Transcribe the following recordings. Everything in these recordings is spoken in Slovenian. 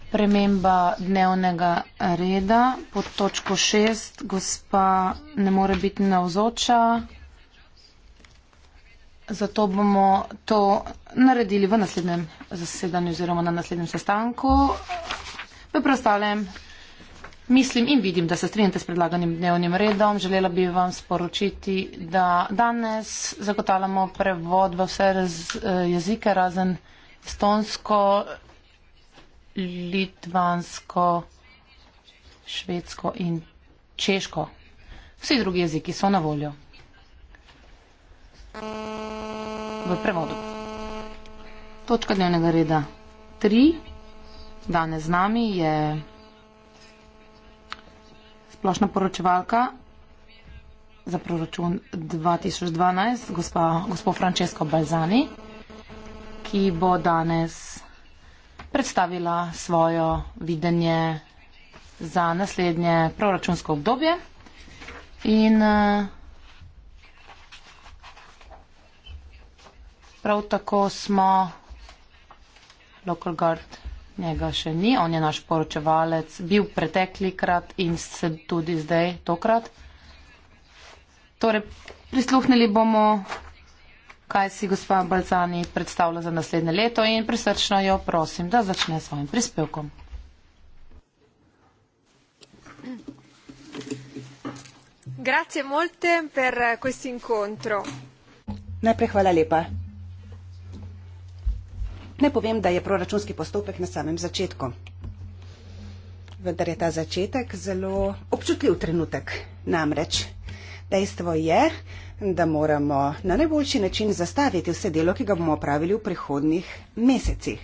sprememba dnevnega reda pod točko šest gospa ne more biti navzoča zato bomo to naredili v naslednjem zasedanju oziroma na naslednjem sestanku v preostalem Mislim in vidim, da se strinjate s predlaganim dnevnim redom. Želela bi vam sporočiti, da danes zagotavljamo prevod v vse eh, jezike razen estonsko, litvansko, švedsko in češko. Vsi drugi jeziki so na voljo. V prevodu. Točka dnevnega reda 3. Danes z nami je splošna poročevalka za proračun 2012, gospa, gospod Francesco Balzani ki bo danes predstavila svojo videnje za naslednje proračunsko obdobje. In eh, prav tako smo, Local Guard njega še ni, on je naš poročevalec, bil pretekli krat in se tudi zdaj tokrat. Torej, prisluhnili bomo kaj si gospa Balzani predstavlja za naslednje leto in prisrčno jo prosim, da začne s svojim prispevkom. Grazie molte per questo incontro. Najprej hvala lepa. Ne povem, da je proračunski postopek na samem začetku. Vendar je ta začetek zelo občutljiv trenutek. Namreč dejstvo je, da moramo na najboljši način zastaviti vse delo, ki ga bomo opravili v prihodnih mesecih.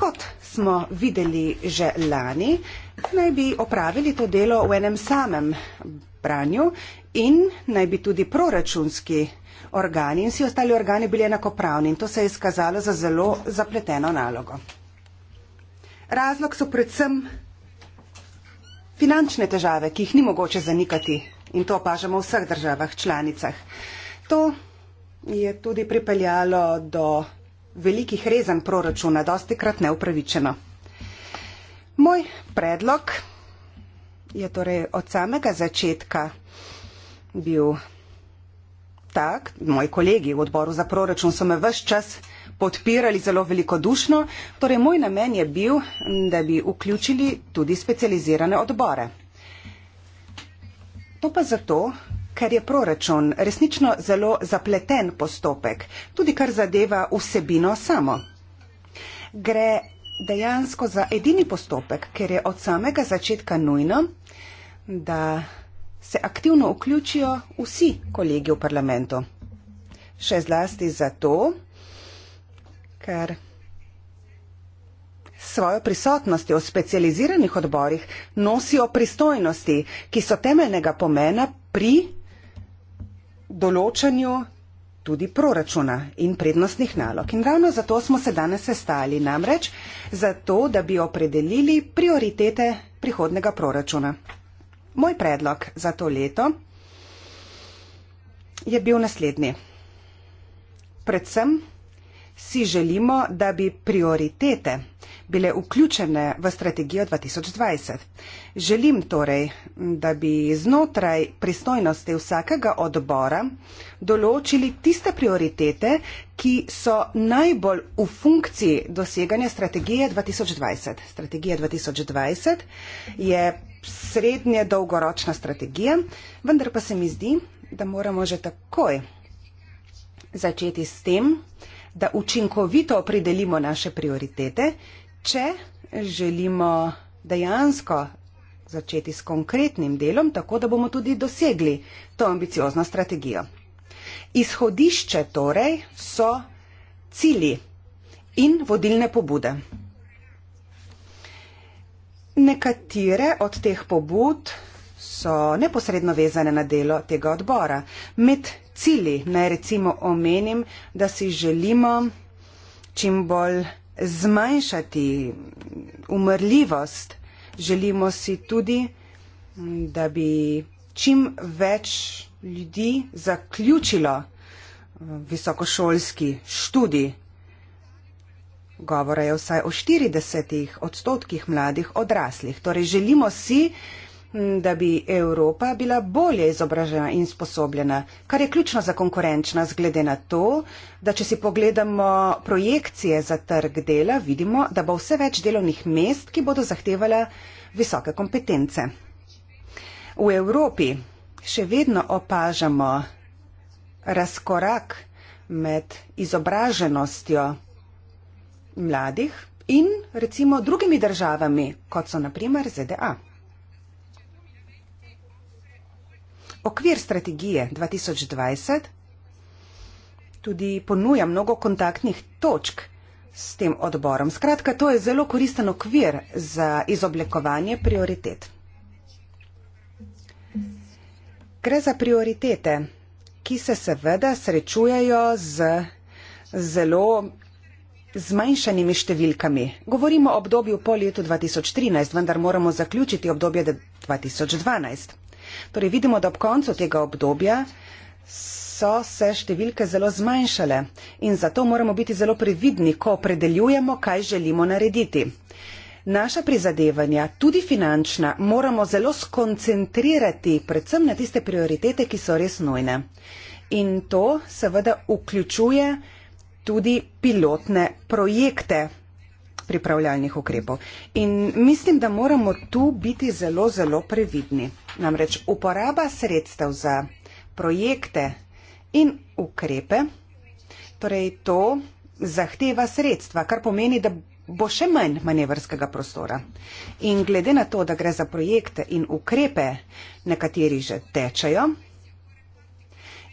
Kot smo videli že lani, naj bi opravili to delo v enem samem branju in naj bi tudi proračunski organi in vsi ostali organi bili enakopravni in to se je izkazalo za zelo zapleteno nalogo. Razlog so predvsem finančne težave, ki jih ni mogoče zanikati in to opažamo v vseh državah članicah. To je tudi pripeljalo do velikih rezan proračuna, dosti krat neupravičeno. Moj predlog je torej od samega začetka bil tak, moji kolegi v odboru za proračun so me vse čas podpirali zelo velikodušno, torej moj namen je bil, da bi vključili tudi specializirane odbore. To pa zato, ker je proračun resnično zelo zapleten postopek, tudi kar zadeva vsebino samo. Gre dejansko za edini postopek, ker je od samega začetka nujno, da se aktivno vključijo vsi kolegi v parlamentu. Še zlasti zato, ker s svojo prisotnostjo v specializiranih odborih nosijo pristojnosti, ki so temeljnega pomena pri določanju tudi proračuna in prednostnih nalog. In ravno zato smo se danes sestali, namreč zato, da bi opredelili prioritete prihodnega proračuna. Moj predlog za to leto je bil naslednji. Predvsem si želimo, da bi prioritete bile vključene v strategijo 2020. Želim torej, da bi znotraj pristojnosti vsakega odbora določili tiste prioritete, ki so najbolj v funkciji doseganja strategije 2020. Strategija 2020 je srednje dolgoročna strategija, vendar pa se mi zdi, da moramo že takoj začeti s tem, da učinkovito opredelimo naše prioritete, če želimo dejansko začeti s konkretnim delom, tako da bomo tudi dosegli to ambiciozno strategijo. Izhodišče torej so cilji in vodilne pobude. Nekatere od teh pobud so neposredno vezane na delo tega odbora. Med cili naj recimo omenim, da si želimo čim bolj zmanjšati umrljivost. Želimo si tudi, da bi čim več ljudi zaključilo eh, visokošolski študij. Govora je vsaj o 40 odstotkih mladih odraslih. Torej želimo si, da bi Evropa bila bolje izobražena in sposobljena, kar je ključno za konkurenčnost, glede na to, da če si pogledamo projekcije za trg dela, vidimo, da bo vse več delovnih mest, ki bodo zahtevala visoke kompetence. V Evropi še vedno opažamo razkorak med izobraženostjo mladih in recimo drugimi državami, kot so naprimer ZDA. okvir strategije 2020 tudi ponuja mnogo kontaktnih točk s tem odborom. Skratka, to je zelo koristen okvir za izoblikovanje prioritet. Gre za prioritete, ki se seveda srečujejo z zelo zmanjšanimi številkami. Govorimo o obdobju po letu 2013, vendar moramo zaključiti obdobje 2012. Torej vidimo, da ob koncu tega obdobja so se številke zelo zmanjšale in zato moramo biti zelo previdni, ko predeljujemo, kaj želimo narediti. Naša prizadevanja, tudi finančna, moramo zelo skoncentrirati predvsem na tiste prioritete, ki so res nujne. In to seveda vključuje tudi pilotne projekte, pripravljalnih ukrepov. In mislim, da moramo tu biti zelo, zelo previdni. Namreč uporaba sredstev za projekte in ukrepe, torej to zahteva sredstva, kar pomeni, da bo še manj manevrskega prostora. In glede na to, da gre za projekte in ukrepe, nekateri že tečejo,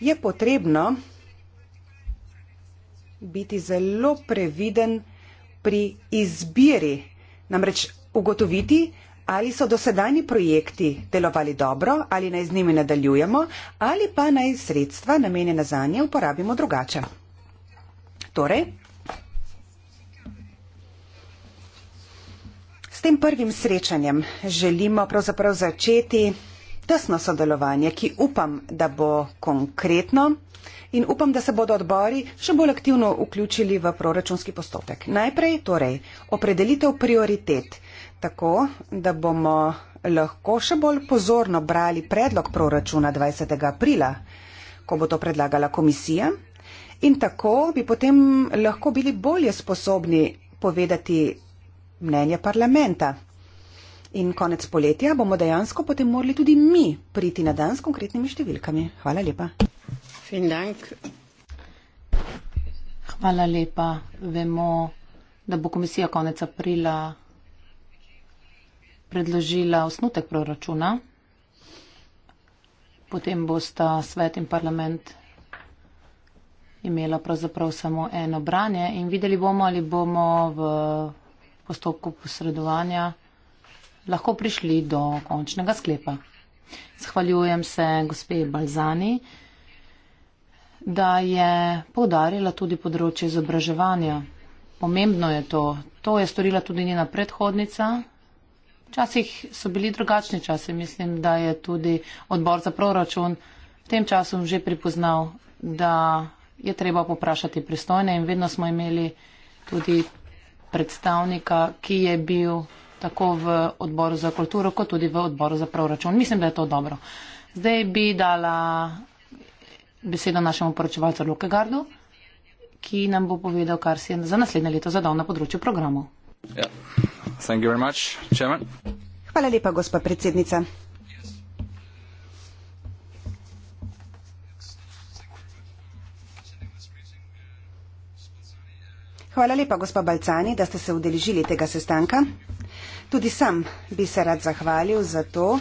je potrebno biti zelo previden, pri izbiri, namreč ugotoviti, ali so dosedajni projekti delovali dobro, ali naj z njimi nadaljujemo, ali pa naj sredstva namenjena za nje uporabimo drugače. Torej, s tem prvim srečanjem želimo pravzaprav začeti tesno sodelovanje, ki upam, da bo konkretno in upam, da se bodo odbori še bolj aktivno vključili v proračunski postopek. Najprej torej opredelitev prioritet, tako da bomo lahko še bolj pozorno brali predlog proračuna 20. aprila, ko bo to predlagala komisija in tako bi potem lahko bili bolje sposobni povedati mnenje parlamenta. In konec poletja bomo dejansko potem morali tudi mi priti na dan s konkretnimi številkami. Hvala lepa. Hvala lepa. Vemo, da bo komisija konec aprila predložila osnutek proračuna. Potem bosta svet in parlament imela pravzaprav samo eno branje in videli bomo, ali bomo v postopku posredovanja lahko prišli do končnega sklepa. Zahvaljujem se gospe Balzani da je podarila tudi področje izobraževanja. Pomembno je to. To je storila tudi njena predhodnica. Včasih so bili drugačni časi. Mislim, da je tudi odbor za proračun v tem času že pripoznal, da je treba poprašati pristojne in vedno smo imeli tudi predstavnika, ki je bil tako v odboru za kulturo, kot tudi v odboru za proračun. Mislim, da je to dobro. Zdaj bi dala besedo našemu poročevalcu Lukegardu, ki nam bo povedal, kar si je za naslednje leto zadal na področju programov. Ja. Yeah. Hvala lepa, gospa predsednica. Hvala lepa, gospa Balcani, da ste se udeležili tega sestanka. Tudi sam bi se rad zahvalil za to,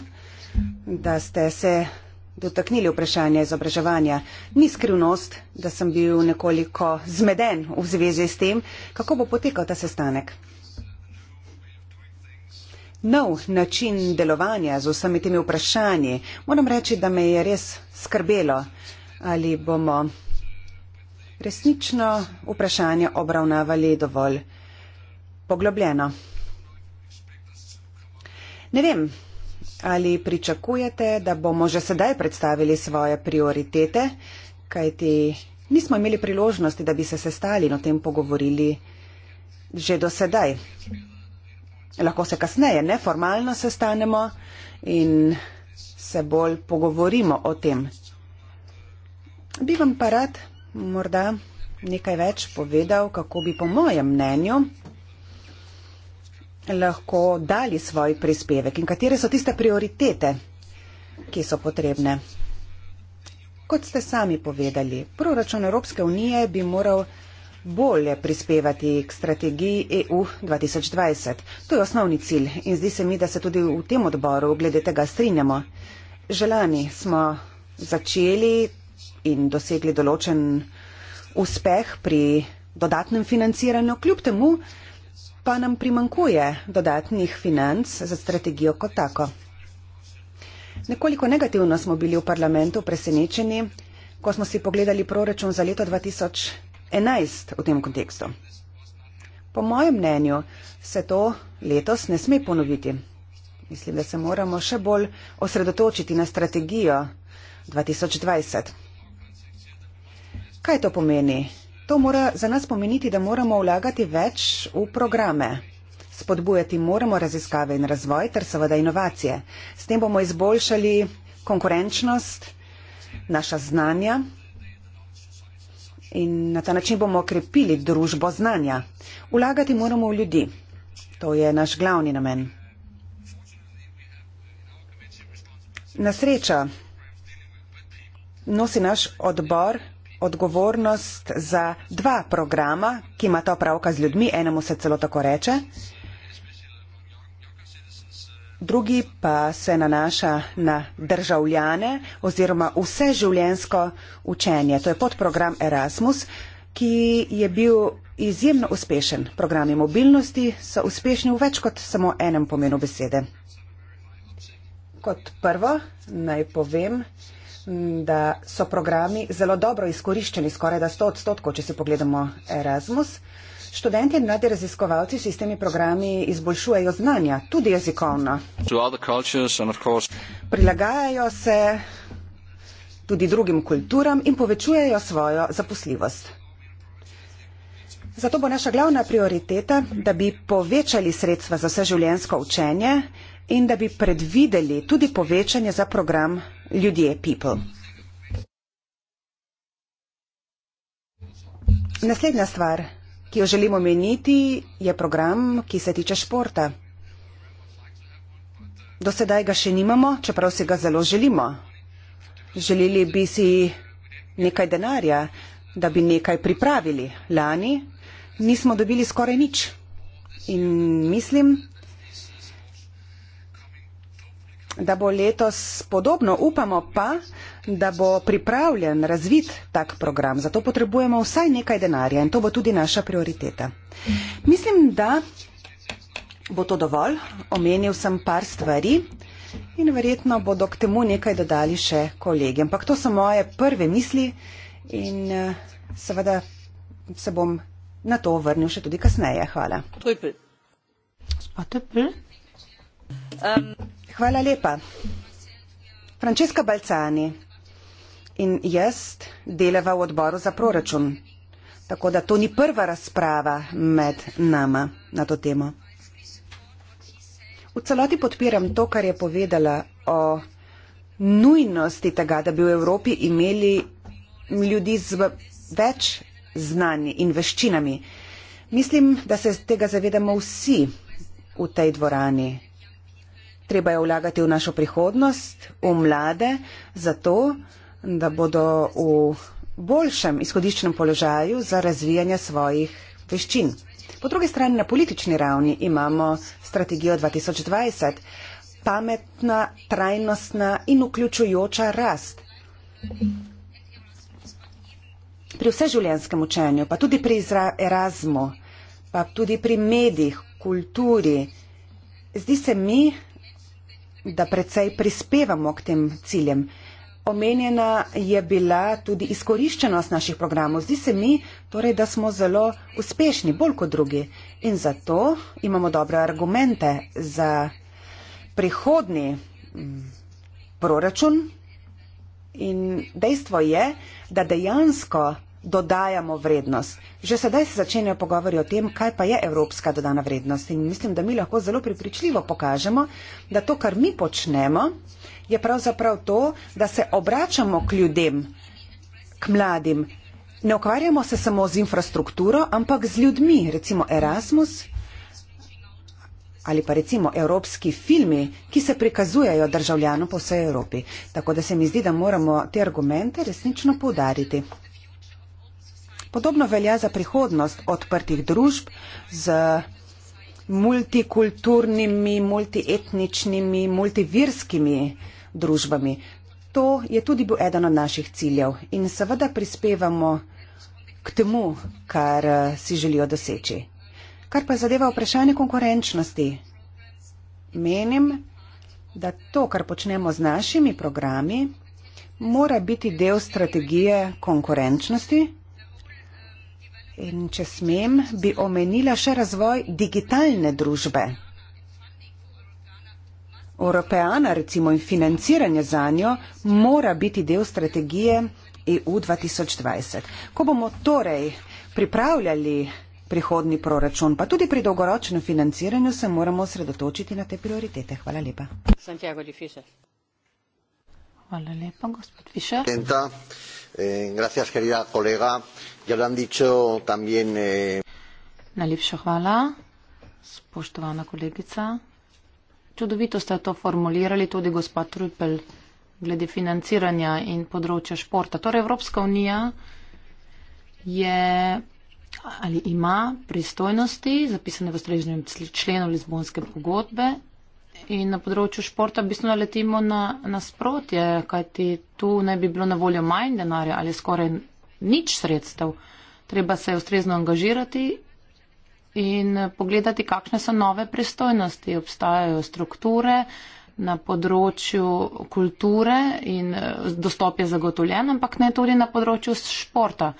da ste se dotaknili vprašanja izobraževanja. Ni skrivnost, da sem bil nekoliko zmeden v zvezi s tem, kako bo potekal ta sestanek. Nov način delovanja z vsemi temi vprašanji, moram reči, da me je res skrbelo, ali bomo resnično vprašanje obravnavali dovolj poglobljeno. Ne vem, Ali pričakujete, da bomo že sedaj predstavili svoje prioritete, kajti nismo imeli priložnosti, da bi se sestali in o tem pogovorili že do sedaj. Lahko se kasneje neformalno sestanemo in se bolj pogovorimo o tem. Bi vam pa rad morda nekaj več povedal, kako bi po mojem mnenju lahko dali svoj prispevek in katere so tiste prioritete, ki so potrebne. Kot ste sami povedali, proračun Evropske unije bi moral bolje prispevati k strategiji EU 2020. To je osnovni cilj in zdi se mi, da se tudi v tem odboru glede tega strinjamo. Želani smo začeli in dosegli določen uspeh pri dodatnem financiranju, kljub temu, pa nam primankuje dodatnih financ za strategijo kot tako. Nekoliko negativno smo bili v parlamentu presenečeni, ko smo si pogledali proračun za leto 2011 v tem kontekstu. Po mojem mnenju se to letos ne sme ponoviti. Mislim, da se moramo še bolj osredotočiti na strategijo 2020. Kaj to pomeni to mora za nas pomeniti, da moramo vlagati več v programe. Spodbujati moramo raziskave in razvoj ter seveda inovacije. S tem bomo izboljšali konkurenčnost, naša znanja in na ta način bomo okrepili družbo znanja. Vlagati moramo v ljudi. To je naš glavni namen. Na srečo nosi naš odbor odgovornost za dva programa, ki ima ta opravka z ljudmi, enemu se celo tako reče, drugi pa se nanaša na državljane oziroma vse življensko učenje. To je podprogram Erasmus, ki je bil izjemno uspešen. Programi mobilnosti so uspešni v več kot samo enem pomenu besede. Kot prvo naj povem, da je da so programi zelo dobro izkoriščeni, skoraj da 100 odstotkov, če si pogledamo Erasmus. Študenti in mladi raziskovalci s temi programi izboljšujejo znanja, tudi jezikovna. Prilagajajo se tudi drugim kulturam in povečujejo svojo zaposljivost. Zato bo naša glavna prioriteta, da bi povečali sredstva za vseživljensko učenje in da bi predvideli tudi povečanje za program Ljudje People. Naslednja stvar, ki jo želimo meniti, je program, ki se tiče športa. Do sedaj ga še nimamo, čeprav se ga zelo želimo. Želili bi si nekaj denarja, da bi nekaj pripravili. Lani nismo dobili skoraj nič. In mislim, da bo letos podobno, upamo pa, da bo pripravljen, razvit tak program. Zato potrebujemo vsaj nekaj denarja in to bo tudi naša prioriteta. Mislim, da bo to dovolj. Omenil sem par stvari in verjetno bodo k temu nekaj dodali še kolegi. Ampak to so moje prve misli in eh, seveda se bom na to vrnil še tudi kasneje. Hvala. Gospod Tepl. Um. Hvala lepa. Frančeska Balcani in jaz delava v odboru za proračun, tako da to ni prva razprava med nama na to temo. V celoti podpiram to, kar je povedala o nujnosti tega, da bi v Evropi imeli ljudi z več znanji in veščinami. Mislim, da se tega zavedamo vsi v tej dvorani treba je vlagati v našo prihodnost, v mlade, zato, da bodo v boljšem izhodiščnem položaju za razvijanje svojih veščin. Po drugi strani, na politični ravni imamo strategijo 2020, pametna, trajnostna in vključujoča rast. Pri vseživljenjskem učenju, pa tudi pri Erasmu, pa tudi pri medijih, kulturi, zdi se mi, da precej prispevamo k tem ciljem. Omenjena je bila tudi izkoriščenost naših programov. Zdi se mi, torej, da smo zelo uspešni, bolj kot drugi. In zato imamo dobre argumente za prihodni mm, proračun. In dejstvo je, da dejansko dodajamo vrednost. Že sedaj se začenjajo pogovori o tem, kaj pa je evropska dodana vrednost. In mislim, da mi lahko zelo pripričljivo pokažemo, da to, kar mi počnemo, je pravzaprav to, da se obračamo k ljudem, k mladim. Ne ukvarjamo se samo z infrastrukturo, ampak z ljudmi, recimo Erasmus ali pa recimo evropski filmi, ki se prikazujejo državljanom po vsej Evropi. Tako da se mi zdi, da moramo te argumente resnično poudariti. Podobno velja za prihodnost odprtih družb z multikulturnimi, multietničnimi, multivirskimi družbami. To je tudi bil eden od naših ciljev in seveda prispevamo k temu, kar eh, si želijo doseči. Kar pa zadeva vprašanje konkurenčnosti, menim, da to, kar počnemo z našimi programi, mora biti del strategije konkurenčnosti In če smem, bi omenila še razvoj digitalne družbe. Europeana recimo in financiranje za njo mora biti del strategije EU 2020. Ko bomo torej pripravljali prihodni proračun, pa tudi pri dolgoročnem financiranju, se moramo osredotočiti na te prioritete. Hvala lepa. Santiago di Fischer. Hvala lepa, gospod Fischer. Eh, gracias, querida kolega. Ja lo han dicho también. Eh... Najlepša hvala, spoštovana kolegica. Čudovito ste to formulirali tudi gospod Trupel glede financiranja in področja športa. Torej Evropska unija je ali ima pristojnosti zapisane v strežnem členu Lizbonske pogodbe in na področju športa bistveno naletimo na nasprotje, kajti tu naj bi bilo na voljo manj denarja ali skoraj nič sredstev. Treba se ustrezno angažirati in pogledati, kakšne so nove pristojnosti. Obstajajo strukture na področju kulture in eh, dostop je zagotovljen, ampak ne tudi na področju športa.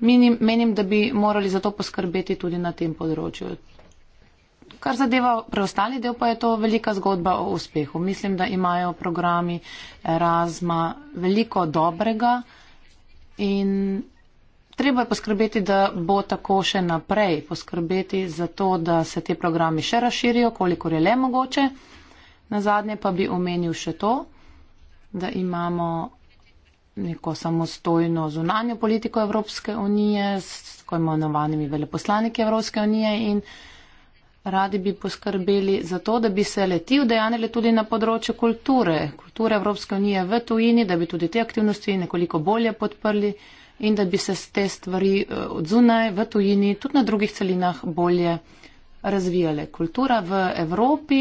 Menim, menim, da bi morali za to poskrbeti tudi na tem področju. Kar zadeva preostali del, pa je to velika zgodba o uspehu. Mislim, da imajo programi Erasma veliko dobrega. In treba je poskrbeti, da bo tako še naprej, poskrbeti za to, da se te programi še razširijo, kolikor je le mogoče. Na zadnje pa bi omenil še to, da imamo neko samostojno zunanjo politiko Evropske unije s tako imenovanimi veleposlaniki Evropske unije in radi bi poskrbeli za to, da bi se leti vdejanili tudi na področju kulture, kulture Evropske unije v tujini, da bi tudi te aktivnosti nekoliko bolje podprli in da bi se te stvari eh, od zunaj v tujini, tudi na drugih celinah, bolje razvijale. Kultura v Evropi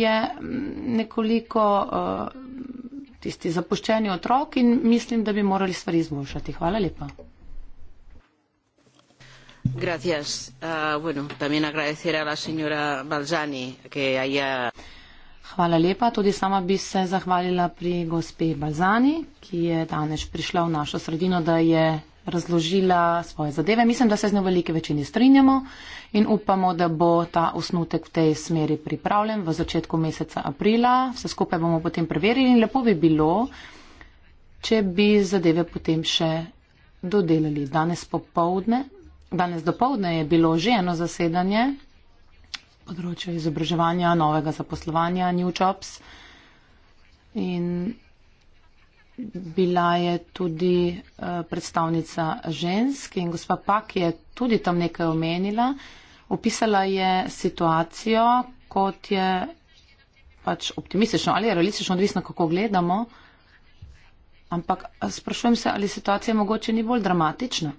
je mm, nekoliko eh, tisti zapuščeni otrok in mislim, da bi morali stvari izboljšati. Hvala lepa gracias ah, bueno también agradecer a la señora balzani que haya Hvala lepa, tudi sama bi se zahvalila pri gospe Balzani, ki je danes prišla v našo sredino, da je razložila svoje zadeve. Mislim, da se z njo velike večini strinjamo in upamo, da bo ta osnutek v tej smeri pripravljen v začetku meseca aprila. Vse skupaj bomo potem preverili in lepo bi bilo, če bi zadeve potem še dodelali. Danes popovdne Danes dopovdne je bilo že eno zasedanje področja izobraževanja, novega zaposlovanja, New Jobs. In bila je tudi eh, predstavnica žensk in gospa Pak je tudi tam nekaj omenila. Opisala je situacijo, kot je pač optimistično ali realistično, odvisno kako gledamo. Ampak eh, sprašujem se, ali situacija mogoče ni bolj dramatična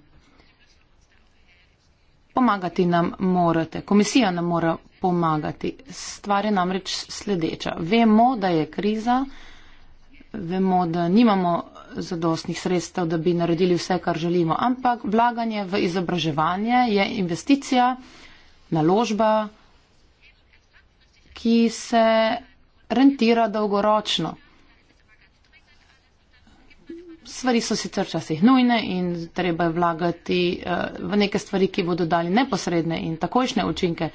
pomagati nam morate, komisija nam mora pomagati. Stvar je namreč sledeča. Vemo, da je kriza, vemo, da nimamo zadostnih sredstev, da bi naredili vse, kar želimo, ampak vlaganje v izobraževanje je investicija, naložba, ki se rentira dolgoročno stvari so sicer včasih nujne in treba je vlagati eh, v neke stvari, ki bodo dali neposredne in takojšne učinke,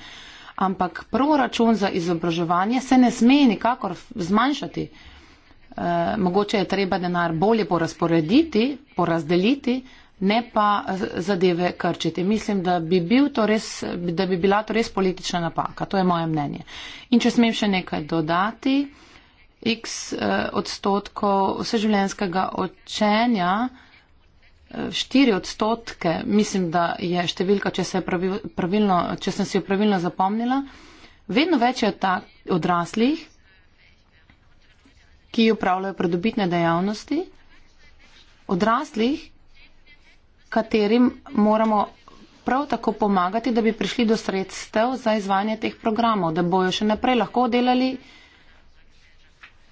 ampak proračun za izobraževanje se ne sme nikakor zmanjšati. Eh, mogoče je treba denar bolje porazporediti, porazdeliti, ne pa zadeve krčiti. Mislim, da bi, bil to res, da bi bila to res politična napaka. To je moje mnenje. In če smem še nekaj dodati x eh, odstotkov vseživljenskega očenja, eh, štiri odstotke, mislim, da je številka, če, se je pravilno, če sem si jo pravilno zapomnila, vedno več je ta odraslih, ki upravljajo predobitne dejavnosti, odraslih, katerim moramo prav tako pomagati, da bi prišli do sredstev za izvajanje teh programov, da bojo še naprej lahko delali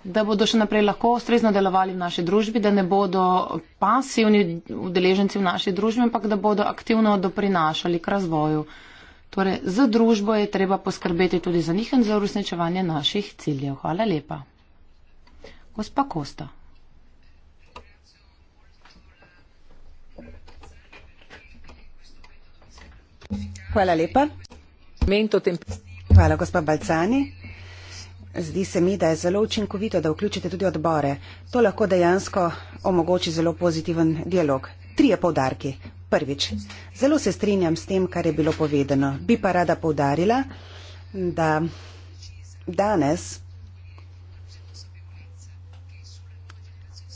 da bodo še naprej lahko ustrezno delovali v naši družbi, da ne bodo pasivni udeleženci v naši družbi, ampak da bodo aktivno doprinašali k razvoju. Torej, za družbo je treba poskrbeti tudi za njih in za uresničevanje naših ciljev. Hvala lepa. Gospa Kosta. Hvala lepa. Hvala, gospa Balcani. Zdi se mi, da je zelo učinkovito, da vključite tudi odbore. To lahko dejansko omogoči zelo pozitiven dialog. Trije povdarki. Prvič, zelo se strinjam s tem, kar je bilo povedano. Bi pa rada povdarila, da danes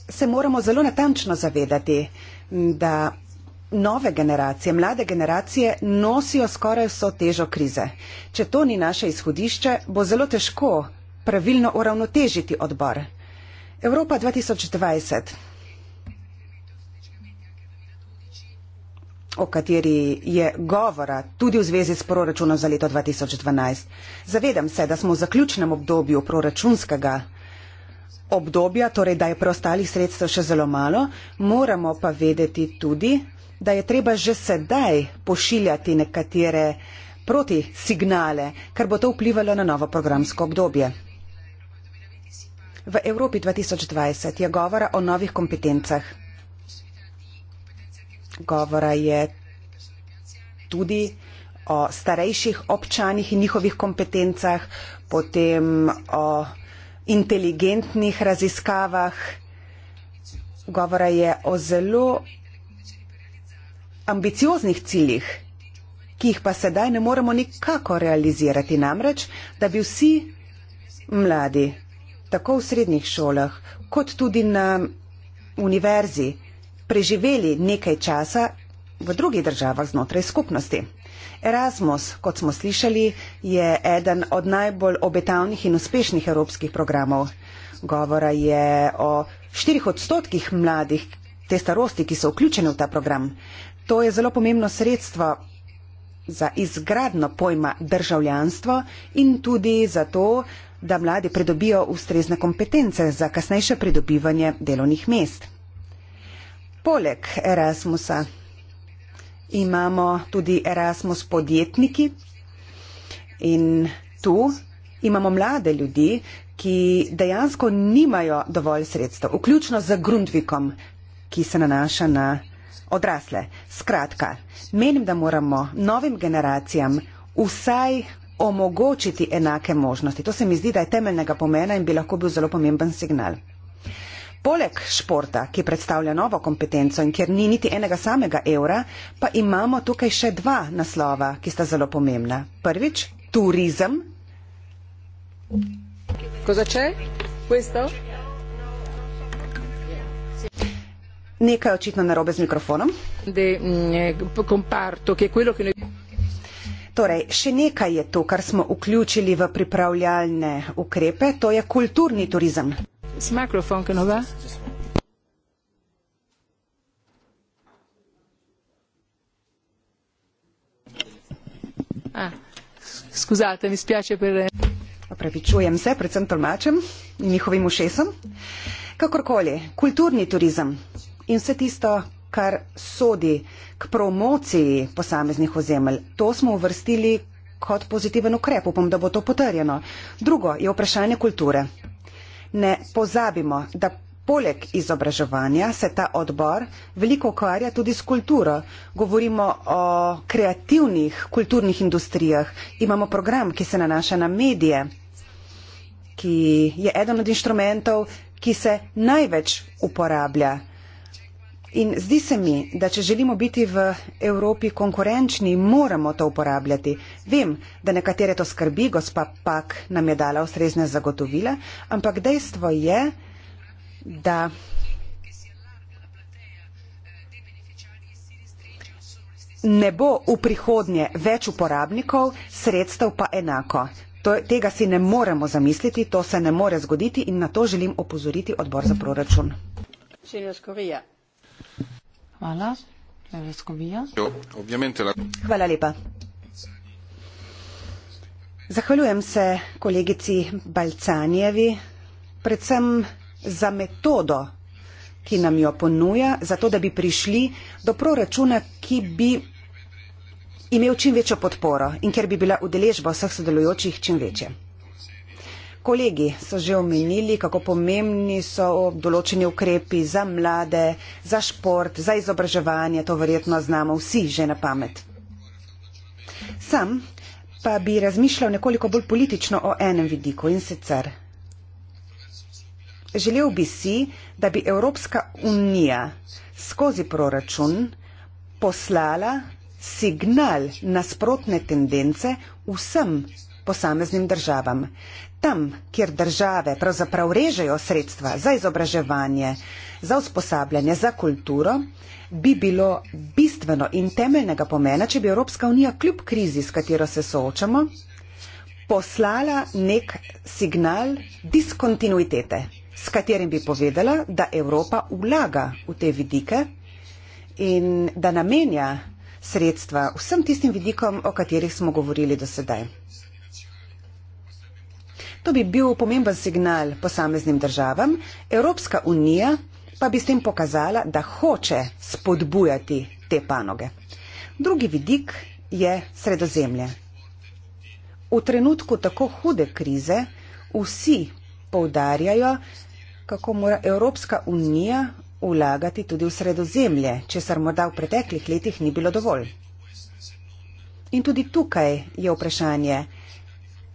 se moramo zelo natančno zavedati, da nove generacije, mlade generacije nosijo skoraj vso težo krize. Če to ni naše izhodišče, bo zelo težko pravilno uravnotežiti odbor. Evropa 2020, o kateri je govora tudi v zvezi s proračunom za leto 2012. Zavedam se, da smo v zaključnem obdobju proračunskega obdobja, torej da je preostalih sredstev še zelo malo, moramo pa vedeti tudi, da je treba že sedaj pošiljati nekatere proti signale, ker bo to vplivalo na novo programsko obdobje. V Evropi 2020 je govora o novih kompetencah. Govora je tudi o starejših občanih in njihovih kompetencah, potem o inteligentnih raziskavah. Govora je o zelo ambicioznih ciljih, ki jih pa sedaj ne moremo nikako realizirati namreč, da bi vsi mladi tako v srednjih šolah kot tudi na univerzi preživeli nekaj časa v drugih državah znotraj skupnosti. Erasmus, kot smo slišali, je eden od najbolj obetavnih in uspešnih evropskih programov. Govora je o štirih odstotkih mladih te starosti, ki so vključene v ta program. To je zelo pomembno sredstvo za izgradno pojma državljanstvo in tudi za to, da mladi pridobijo ustrezne kompetence za kasnejše pridobivanje delovnih mest. Poleg Erasmusa imamo tudi Erasmus podjetniki in tu imamo mlade ljudi, ki dejansko nimajo dovolj sredstev, vključno z Grundvikom, ki se nanaša na odrasle. Skratka, menim, da moramo novim generacijam vsaj omogočiti enake možnosti. To se mi zdi, da je temeljnega pomena in bi lahko bil zelo pomemben signal. Poleg športa, ki predstavlja novo kompetenco in kjer ni niti enega samega evra, pa imamo tukaj še dva naslova, ki sta zelo pomembna. Prvič, turizem. Ko začne? Questo? Nekaj je očitno narobe z mikrofonom. Mm, torej, še nekaj je to, kar smo vključili v pripravljalne ukrepe, to je kulturni turizem. Skuzate, ah, mi spjače pri reči. Prepičujem se, predvsem tolmačem in njihovim ušesom. Kakorkoli, kulturni turizem in vse tisto, kar sodi k promociji posameznih ozemelj. To smo uvrstili kot pozitiven ukrep, upam, da bo to potrjeno. Drugo je vprašanje kulture. Ne pozabimo, da poleg izobraževanja se ta odbor veliko ukvarja tudi s kulturo. Govorimo o kreativnih kulturnih industrijah. Imamo program, ki se nanaša na medije, ki je eden od inštrumentov, ki se največ uporablja. In zdi se mi, da če želimo biti v Evropi konkurenčni, moramo to uporabljati. Vem, da nekatere to skrbi, gospa Pak nam je dala ustrezne zagotovila, ampak dejstvo je, da ne bo v prihodnje več uporabnikov, sredstev pa enako. To, tega si ne moremo zamisliti, to se ne more zgoditi in na to želim opozoriti odbor za proračun. Senior Skorija. Hvala. Vreskovija. Hvala lepa. Zahvaljujem se kolegici Balcanjevi, predvsem za metodo, ki nam jo ponuja, zato da bi prišli do proračuna, ki bi imel čim večjo podporo in ker bi bila udeležba vseh sodelujočih čim večja. Kolegi so že omenili, kako pomembni so določeni ukrepi za mlade, za šport, za izobraževanje, to verjetno znamo vsi že na pamet. Sam pa bi razmišljal nekoliko bolj politično o enem vidiku in sicer. Želel bi si, da bi Evropska unija skozi proračun poslala signal nasprotne tendence vsem posameznim državam tam, kjer države pravzaprav režejo sredstva za izobraževanje, za usposabljanje, za kulturo, bi bilo bistveno in temeljnega pomena, če bi Evropska unija kljub krizi, s katero se soočamo, poslala nek signal diskontinuitete, s katerim bi povedala, da Evropa vlaga v te vidike in da namenja sredstva vsem tistim vidikom, o katerih smo govorili do sedaj. To bi bil pomemben signal posameznim državam, Evropska unija pa bi s tem pokazala, da hoče spodbujati te panoge. Drugi vidik je sredozemlje. V trenutku tako hude krize vsi poudarjajo, kako mora Evropska unija vlagati tudi v sredozemlje, česar morda v preteklih letih ni bilo dovolj. In tudi tukaj je vprašanje,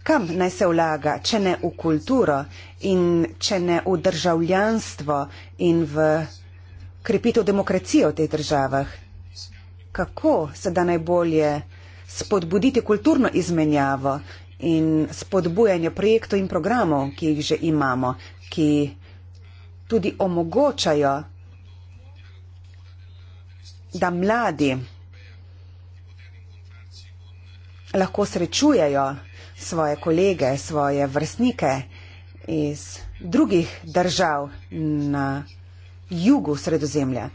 kam naj se vlaga, če ne v kulturo in če ne v državljanstvo in v krepitev demokracije v teh državah? Kako se da najbolje spodbuditi kulturno izmenjavo in spodbujanje projektov in programov, ki jih že imamo, ki tudi omogočajo, da mladi lahko srečujejo svoje kolege, svoje vrstnike iz drugih držav na jugu sredozemlja.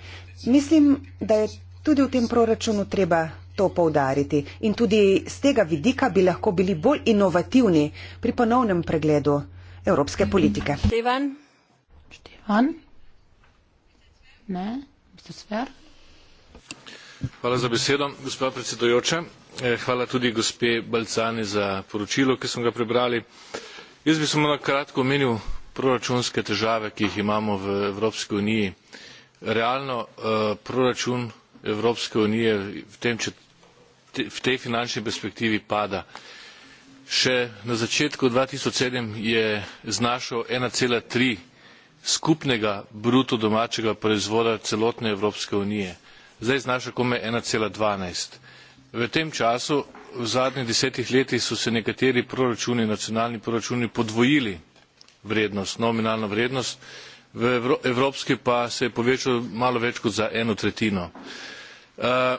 Mislim, da je tudi v tem proračunu treba to povdariti in tudi z tega vidika bi lahko bili bolj inovativni pri ponovnem pregledu evropske politike. Števan? Števan? Ne? Hvala za besedo, gospod predsedujoče. Eh, hvala tudi gospe balzani za poročilo ki smo ga prebrali. jaz bi samo na kratko omenil proračunske težave ki jih imamo v evropski uniji. realno eh, proračun evropske unije v tej finančni perspektivi pada. še na začetku dva tisoč sedem je znašal ena tri skupnega bruto domačega proizvoda celotne evropske unije zdaj znaša komaj ena dvanajst v tem času v zadnjih desetih letih so se nekateri proračuni nacionalni proračuni podvojili vrednost nominalna vrednost v evropski pa se je povečal malo več kot za eno tretjino. Eh,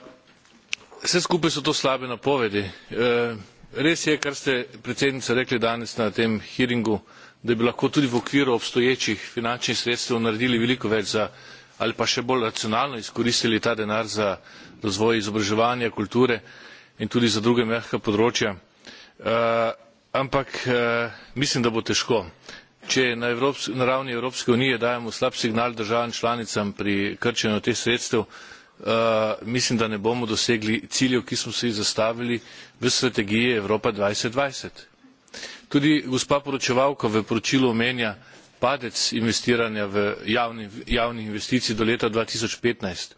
vse skupaj so to slabe napovedi. Eh, res je kar ste predsednica rekli danes na tem hearingu da bi lahko tudi v okviru obstoječih finančnih sredstev naredili veliko več za ali pa še bolj racionalno izkoristili ta denar za razvoj izobraževanja kulture in tudi za druga mehka področja eh, ampak eh, mislim da bo težko če na ravni evropske unije dajemo slab signal državam članicam pri krčenju teh sredstev eh, mislim da ne bomo dosegli ciljev ki smo si jih zastavili v strategiji evropa dva tisoč dvajset tudi gospa poročevalka v poročilu omenja padec investiranja v javnih investicij do leta dva tisoč petnajst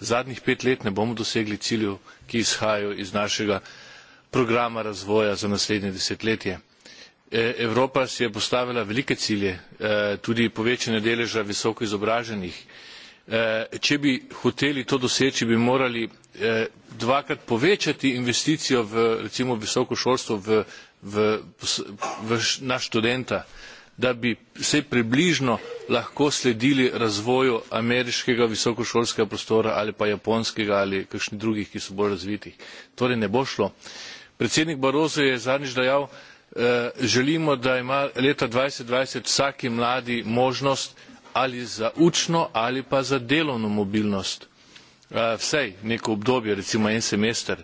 zadnjih pet let ne bomo dosegli ciljev ki izhajajo iz našega programa razvoja za naslednje desetletje. E, evropa si je postavila velike cilje e, tudi povečanje deleža visoko izobraženih. E, če bi hoteli to doseči bi morali dvakrat povečati investicijo v recimo visoko šolstvo v na študenta da bi vsaj približno lahko sledili razvoju ameriškega visokošolskega prostora ali pa japonskega ali kakšnih drugih ki so bolj razviti. torej ne bo šlo. predsednik barroso je zadnjič dejal eh, želimo da ima leta dva tisoč dvajset vsaki mladi možnost ali za učno ali pa za delovno mobilnost eh, vsaj neko obdobje recimo en semester.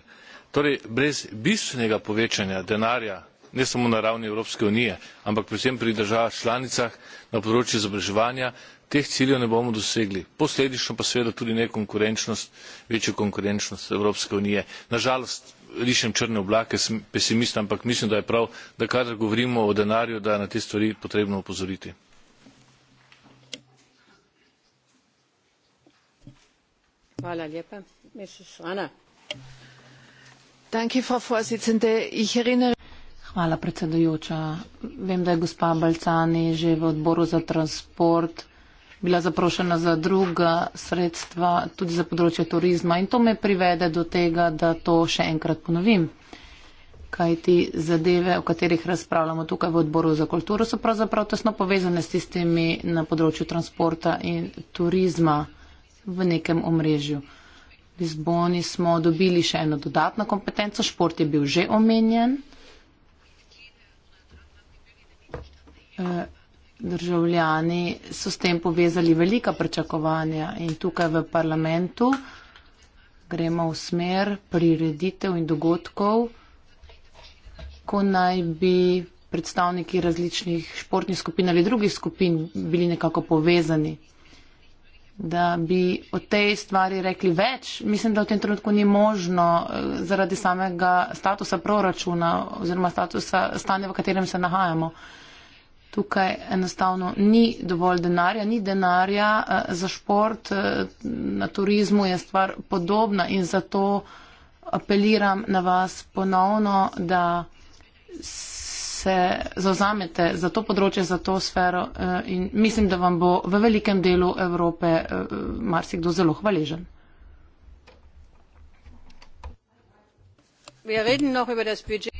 torej brez bistvenega povečanja denarja ne samo na ravni evropske unije ampak predvsem pri državah članicah na področju izobraževanja teh ciljev ne bomo dosegli posledično pa seveda tudi nekonkurenčnost večjo konkurenčnost evropske unije nažalost rišem črne oblake sem pesimist ampak mislim da je prav da kadar govorimo o denarju da je na te stvari potrebno opozoriti Hvala, predsedujoča. Vem, da je gospa Balcani že v odboru za transport bila zaprošena za druga sredstva, tudi za področje turizma. In to me privede do tega, da to še enkrat ponovim. Kaj ti zadeve, o katerih razpravljamo tukaj v odboru za kulturo, so pravzaprav tesno povezane s tistimi na področju transporta in turizma v nekem omrežju. V Lizboni smo dobili še eno dodatno kompetenco, šport je bil že omenjen. Eh, državljani so s tem povezali velika pričakovanja in tukaj v parlamentu gremo v smer prireditev in dogodkov, ko naj bi predstavniki različnih športnih skupin ali drugih skupin bili nekako povezani, da bi o tej stvari rekli več. Mislim, da v tem trenutku ni možno eh, zaradi samega statusa proračuna oziroma statusa stanja, v katerem se nahajamo. Uh, tukaj enostavno ni dovolj denarja, ni denarja eh, za šport, eh, na turizmu je stvar podobna in zato apeliram na vas ponovno, da se zauzamete za to področje, za to sfero eh, in mislim, da vam bo v velikem delu Evrope marsikdo zelo hvaležen. Wir reden noch über das Budget.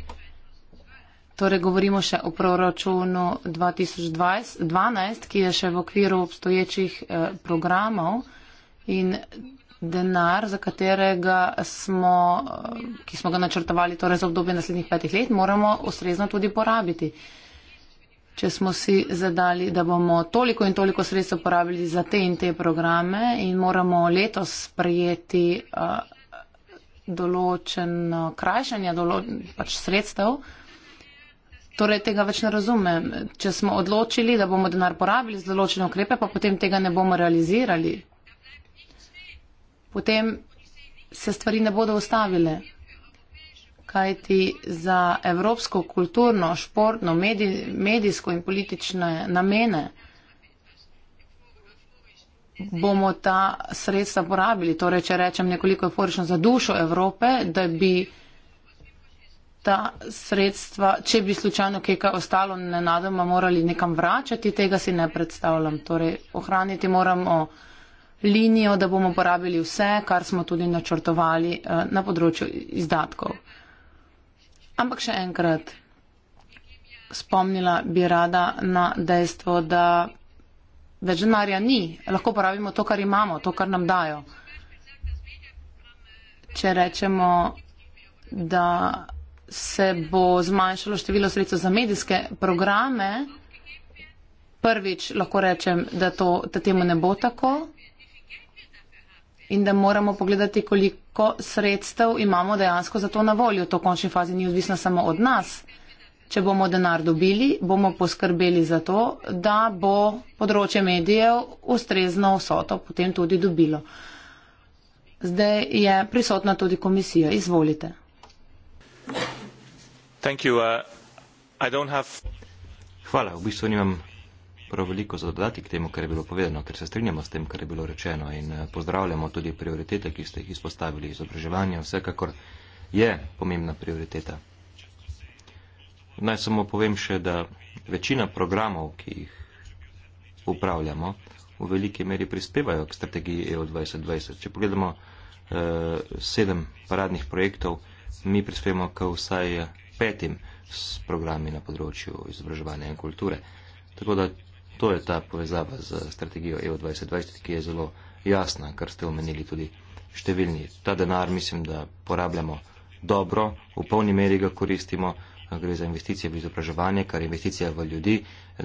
Torej govorimo še o proračunu 2012, ki je še v okviru obstoječih eh, programov in denar, za katerega smo, eh, ki smo ga načrtovali torej za obdobje naslednjih petih let, moramo ustrezno tudi porabiti. Če smo si zadali, da bomo toliko in toliko sredstev porabili za te in te programe in moramo letos sprejeti eh, določen krajšanje določ, pač sredstev, Torej, tega več ne razumem. Če smo odločili, da bomo denar porabili za določene ukrepe, pa potem tega ne bomo realizirali, potem se stvari ne bodo ustavile. Kajti za evropsko kulturno, športno, medij, medijsko in politične namene bomo ta sredstva porabili. Torej, če rečem nekoliko euforično za dušo Evrope, da bi ta sredstva, če bi slučajno kaj ostalo, nenadoma morali nekam vračati, tega si ne predstavljam. Torej, ohraniti moramo linijo, da bomo porabili vse, kar smo tudi načrtovali eh, na področju izdatkov. Ampak še enkrat, spomnila bi rada na dejstvo, da več denarja ni, lahko porabimo to, kar imamo, to, kar nam dajo. Če rečemo, da se bo zmanjšalo število sredstev za medijske programe. Prvič lahko rečem, da, to, da temu ne bo tako in da moramo pogledati, koliko sredstev imamo dejansko za to na voljo. To v končni fazi ni odvisno samo od nas. Če bomo denar dobili, bomo poskrbeli za to, da bo področje medijev ustrezno vsoto potem tudi dobilo. Zdaj je prisotna tudi komisija. Izvolite. Uh, Hvala. V bistvu nimam prav veliko zadati k temu, kar je bilo povedano, ker se strinjamo s tem, kar je bilo rečeno in uh, pozdravljamo tudi prioritete, ki ste jih izpostavili izobraževanje. Vsekakor je pomembna prioriteta. Naj samo povem še, da večina programov, ki jih upravljamo, v veliki meri prispevajo k strategiji EU 2020. Če pogledamo eh, sedem paradnih projektov, mi prispevamo k vsaj petim s programi na področju izobraževanja in kulture. Tako da to je ta povezava z strategijo EU 2020, ki je zelo jasna, kar ste omenili tudi številni. Ta denar mislim, da porabljamo dobro, v polni meri ga koristimo, gre za investicije v izobraževanje, kar je investicija v ljudi,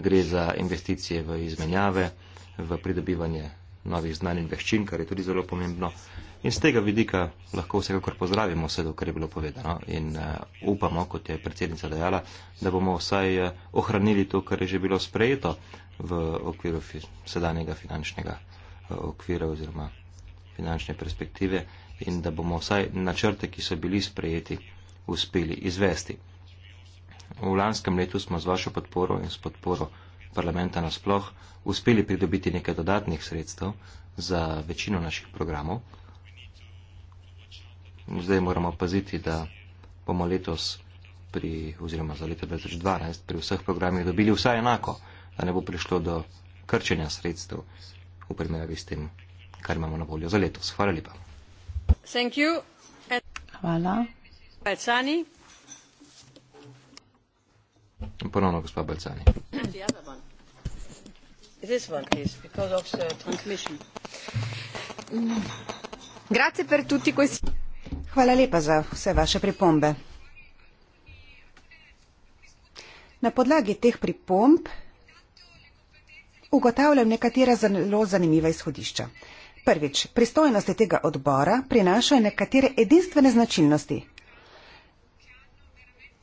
gre za investicije v izmenjave, v pridobivanje novih znanj in veščin, kar je tudi zelo pomembno. In z tega vidika lahko vsekakor pozdravimo vse, kar je bilo povedano in uh, upamo, kot je predsednica dejala, da bomo vsaj uh, ohranili to, kar je že bilo sprejeto v okviru fi sedanjega finančnega uh, okvira oziroma finančne perspektive in da bomo vsaj načrte, ki so bili sprejeti, uspeli izvesti. V lanskem letu smo z vašo podporo in s podporo parlamenta nasploh uspeli pridobiti nekaj dodatnih sredstev za večino naših programov zdaj moramo paziti, da bomo letos pri, oziroma za leto 2012 pri vseh programih dobili vsaj enako, da ne bo prišlo do krčenja sredstev v primerjavi s tem, kar imamo na voljo za letos. Hvala lepa. Hvala. Balcani. Ponovno, gospod Balcani. Grazie per tutti questi. Hvala lepa za vse vaše pripombe. Na podlagi teh pripomb ugotavljam nekatera zelo zanimiva izhodišča. Prvič, pristojnosti tega odbora prinašajo nekatere edinstvene značilnosti.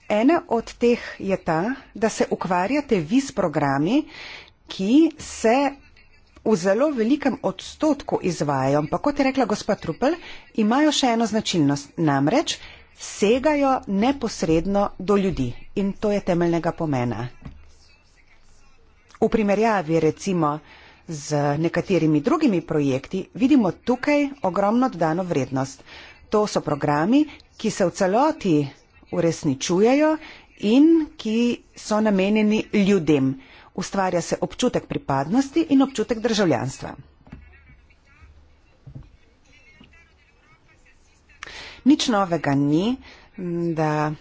Ena od teh je ta, da se ukvarjate vi s programi, ki se v zelo velikem odstotku izvajajo, ampak kot je rekla gospa Trupel, imajo še eno značilnost, namreč segajo neposredno do ljudi in to je temeljnega pomena. V primerjavi recimo z nekaterimi drugimi projekti vidimo tukaj ogromno dodano vrednost. To so programi, ki se v celoti uresničujejo in ki so namenjeni ljudem ustvarja se občutek pripadnosti in občutek državljanstva. Nič novega ni, da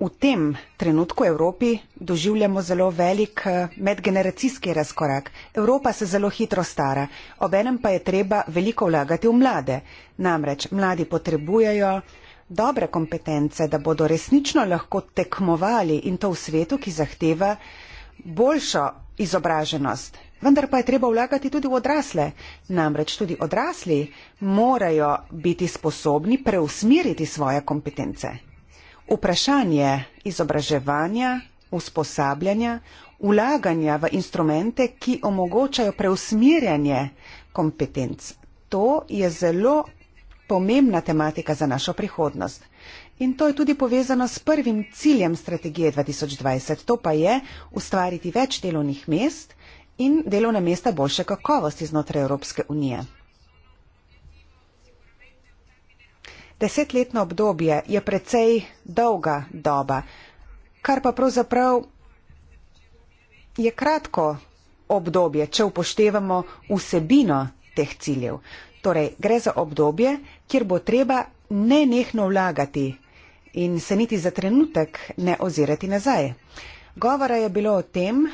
v tem trenutku Evropi doživljamo zelo velik eh, medgeneracijski razkorak. Evropa se zelo hitro stara, obenem pa je treba veliko vlagati v mlade. Namreč mladi potrebujejo dobre kompetence, da bodo resnično lahko tekmovali in to v svetu, ki zahteva boljšo izobraženost. Vendar pa je treba vlagati tudi v odrasle. Namreč tudi odrasli morajo biti sposobni preusmiriti svoje kompetence. Vprašanje izobraževanja, usposabljanja, vlaganja v instrumente, ki omogočajo preusmirjanje kompetenc. To je zelo pomembna tematika za našo prihodnost. In to je tudi povezano s prvim ciljem strategije 2020, to pa je ustvariti več delovnih mest in delovna mesta boljše kakovosti znotraj Evropske unije. Desetletno obdobje je precej dolga doba, kar pa pravzaprav je kratko obdobje, če upoštevamo vsebino teh ciljev. Torej, gre za obdobje, kjer bo treba nenehno vlagati in se niti za trenutek ne ozirati nazaj. Govora je bilo o tem,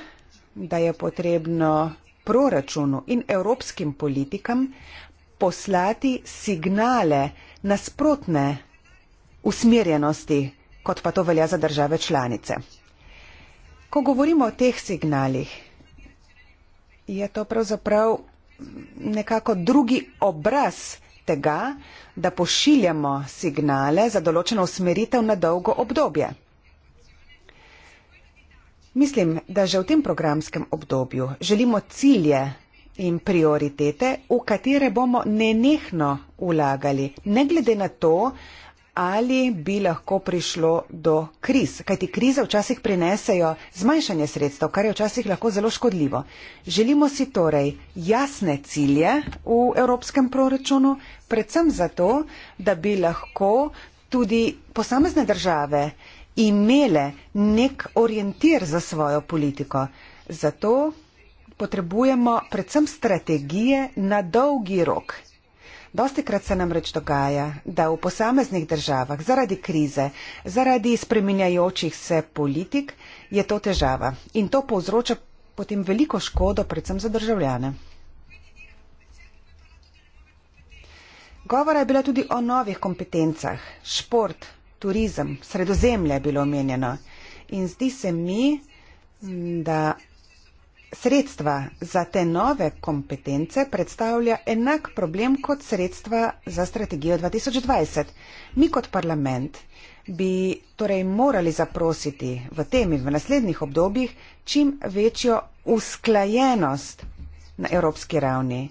da je potrebno proračunu in evropskim politikam poslati signale nasprotne usmerjenosti, kot pa to velja za države članice. Ko govorimo o teh signalih, je to pravzaprav nekako drugi obraz tega, da pošiljamo signale za določeno usmeritev na dolgo obdobje. Mislim, da že v tem programskem obdobju želimo cilje in prioritete, v katere bomo nenehno vlagali, ne glede na to, ali bi lahko prišlo do kriz. Kajti krize včasih prinesejo zmanjšanje sredstev, kar je včasih lahko zelo škodljivo. Želimo si torej jasne cilje v evropskem proračunu, predvsem zato, da bi lahko tudi posamezne države imele nek orientir za svojo politiko. Zato potrebujemo predvsem strategije na dolgi rok. Dosti krat se nam reč dogaja, da v posameznih državah zaradi krize, zaradi spreminjajočih se politik je to težava in to povzroča potem veliko škodo predvsem za državljane. Govora je bila tudi o novih kompetencah, šport, turizem, sredozemlje je bilo omenjeno in zdi se mi, da sredstva za te nove kompetence predstavlja enak problem kot sredstva za strategijo 2020. Mi kot parlament bi torej morali zaprositi v temi v naslednjih obdobjih čim večjo usklajenost na evropski ravni.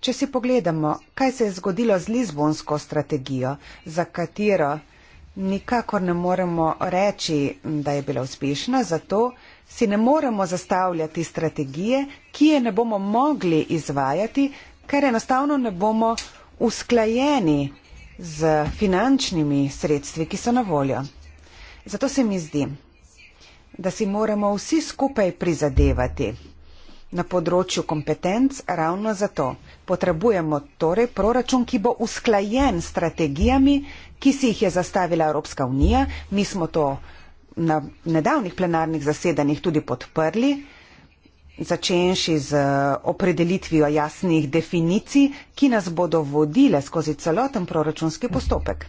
Če si pogledamo, kaj se je zgodilo z Lizbonsko strategijo, za katero nikakor ne moremo reči, da je bila uspešna, zato, si ne moremo zastavljati strategije, ki je ne bomo mogli izvajati, ker enostavno ne bomo usklajeni z finančnimi sredstvi, ki so na voljo. Zato se mi zdi, da si moramo vsi skupaj prizadevati na področju kompetenc ravno zato. Potrebujemo torej proračun, ki bo usklajen strategijami, ki si jih je zastavila Evropska unija. Mi smo to na nedavnih plenarnih zasedanjih tudi podprli, začenši z eh, opredelitvijo jasnih definicij, ki nas bodo vodile skozi celoten proračunski postopek.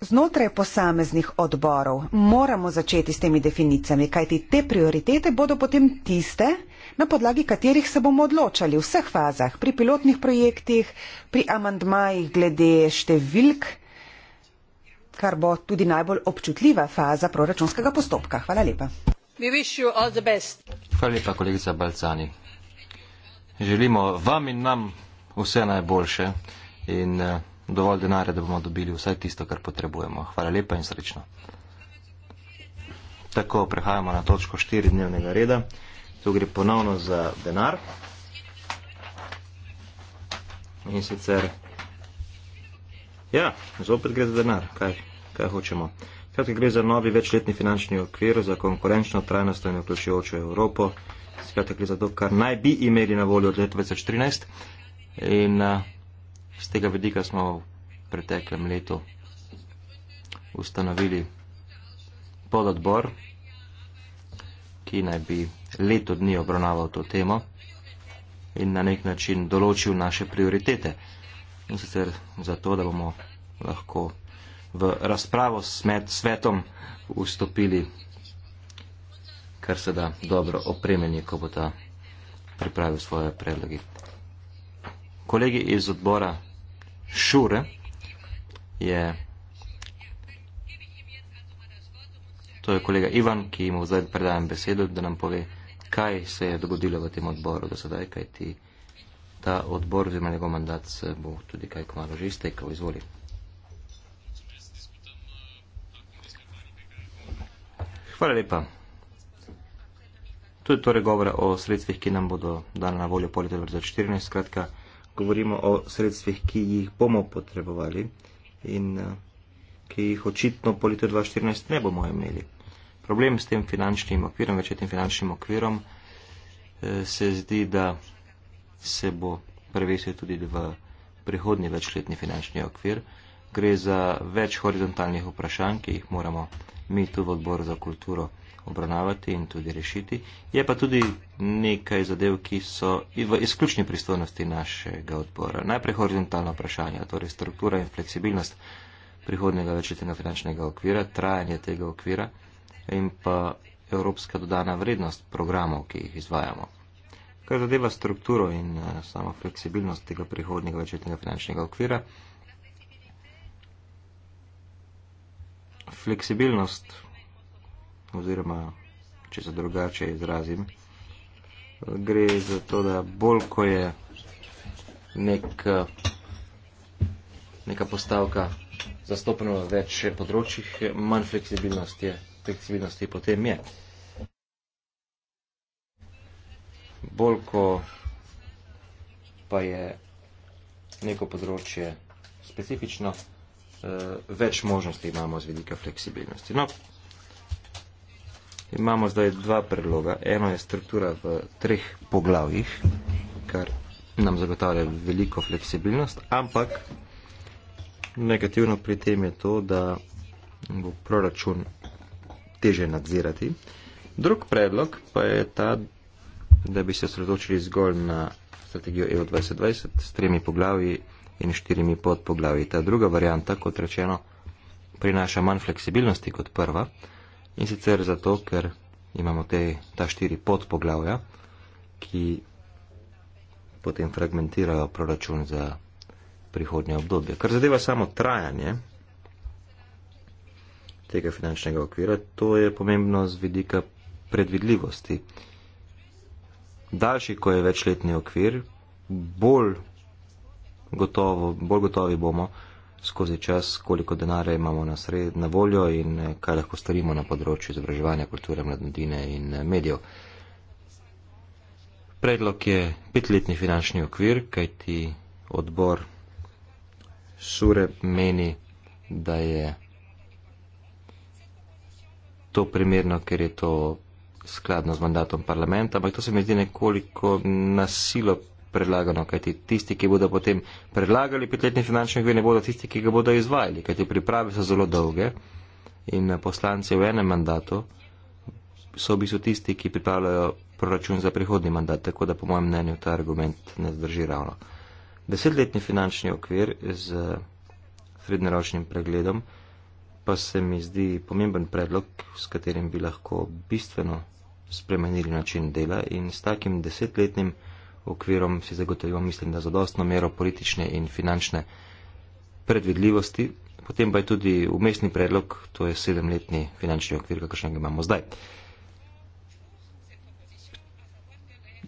Znotraj posameznih odborov moramo začeti s temi definicijami, kajti te prioritete bodo potem tiste, na podlagi katerih se bomo odločali v vseh fazah, pri pilotnih projektih, pri amandmajih glede številk, kar bo tudi najbolj občutljiva faza proračunskega postopka. Hvala lepa. Hvala lepa, kolegica Balcani. Želimo vam in nam vse najboljše in eh, dovolj denarja, da bomo dobili vsaj tisto, kar potrebujemo. Hvala lepa in srečno. Tako prehajamo na točko 4 dnevnega reda. Tu gre ponovno za denar. In sicer Ja, zopet gre za denar, kaj, kaj hočemo. Kratki gre za novi večletni finančni okvir za konkurenčno, trajnostno in vključujočo Evropo. Skratka gre za to, kar naj bi imeli na voljo od leta 2014. In a, z tega vidika smo v preteklem letu ustanovili pododbor, ki naj bi leto dni obravnaval to temo in na nek način določil naše prioritete in sicer zato, da bomo lahko v razpravo s svetom vstopili kar se da dobro opremeni, ko bo ta pripravil svoje predlogi. Kolegi iz odbora Šure je, to je kolega Ivan, ki mu zdaj predajam besedo, da nam pove, kaj se je dogodilo v tem odboru do sedaj, kaj ti je ta odbor oziroma njegov mandat se bo tudi kaj komalo že iztekal. Izvoli. Hvala lepa. To je torej govora o sredstvih, ki nam bodo dana na voljo poleti 2014. Skratka, govorimo o sredstvih, ki jih bomo potrebovali in eh, ki jih očitno poleti 2014 ne bomo imeli. Problem s tem finančnim okvirom, več je tem finančnim okvirom, eh, se zdi, da se bo prevesil tudi v prihodnji večletni finančni okvir. Gre za več horizontalnih vprašanj, ki jih moramo mi tu v odboru za kulturo obravnavati in tudi rešiti. Je pa tudi nekaj zadev, ki so v izključni pristojnosti našega odbora. Najprej horizontalno vprašanje, torej struktura in fleksibilnost prihodnega večletnega finančnega okvira, trajanje tega okvira in pa evropska dodana vrednost programov, ki jih izvajamo. Kar zadeva strukturo in uh, samo fleksibilnost tega prihodnjega večletnega finančnega okvira, fleksibilnost oziroma, če se drugače izrazim, gre za to, da bolj, ko je nek, eh, neka postavka zastopena v več področjih, manj fleksibilnosti je, fleksibilnosti potem je. Uh, bolj ko pa je neko področje specifično, eh, več možnosti imamo z vidika fleksibilnosti. No, imamo zdaj dva predloga. Eno je struktura v treh poglavjih, kar nam zagotavlja veliko fleksibilnost, ampak negativno pri tem je to, da bo proračun teže nadzirati. Drug predlog pa je ta, da bi se osredotočili zgolj na strategijo EU 2020 s tremi poglavji in štirimi podpoglavji. Ta druga varijanta, kot rečeno, prinaša manj fleksibilnosti kot prva in sicer zato, ker imamo te, ta štiri podpoglavja, ki potem fragmentirajo proračun za prihodnje obdobje. Kar zadeva samo trajanje tega finančnega okvira, to je pomembno z vidika predvidljivosti daljši, ko je večletni okvir, bolj, gotovo, bolj gotovi bomo skozi čas, koliko denarja imamo na, sred, na voljo in eh, kaj lahko storimo na področju izobraževanja kulture mladine in eh, medijev. Predlog je petletni finančni okvir, kajti odbor Sure meni, da je to primerno, ker je to skladno z mandatom parlamenta, ampak to se mi zdi nekoliko nasilo predlagano, kajti tisti, ki bodo potem predlagali petletni finančni okvir, ne bodo tisti, ki ga bodo izvajali, kajti priprave so zelo dolge in poslanci v enem mandatu so v bistvu tisti, ki pripravljajo proračun za prihodni mandat, tako da po mojem mnenju ta argument ne zdrži ravno. Desetletni finančni okvir z srednjeročnim pregledom pa se mi zdi pomemben predlog, s katerim bi lahko bistveno spremenili način dela in s takim desetletnim okvirom si zagotovimo, mislim, da zadostno mero politične in finančne predvidljivosti. Potem pa je tudi umestni predlog, to je sedemletni finančni okvir, kakršnega imamo zdaj.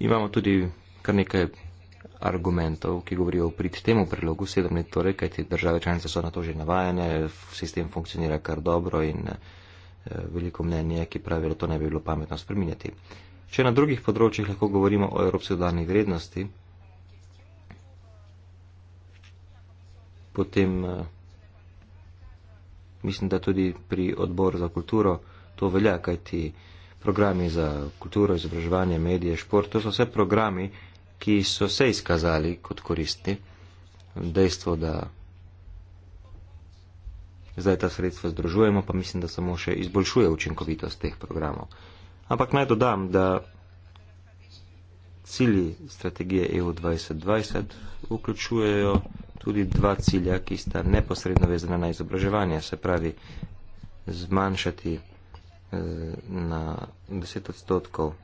Imamo tudi kar nekaj argumentov, ki govorijo o prid temu predlogu, sedem let torej, kajti države članice so na to že navajene, sistem funkcionira kar dobro in veliko mnenje, ki pravi, da to ne bi bilo pametno spreminjati. Če na drugih področjih lahko govorimo o evropski dodani vrednosti, potem eh, mislim, da tudi pri odboru za kulturo to velja, kajti programi za kulturo, izobraževanje, medije, šport, to so vse programi, ki so se izkazali kot koristni. Dejstvo, da zdaj ta sredstva združujemo, pa mislim, da samo še izboljšuje učinkovitost teh programov. Ampak naj dodam, da cilji strategije EU 2020 vključujejo tudi dva cilja, ki sta neposredno vezana na izobraževanje, se pravi zmanjšati eh, na 10 odstotkov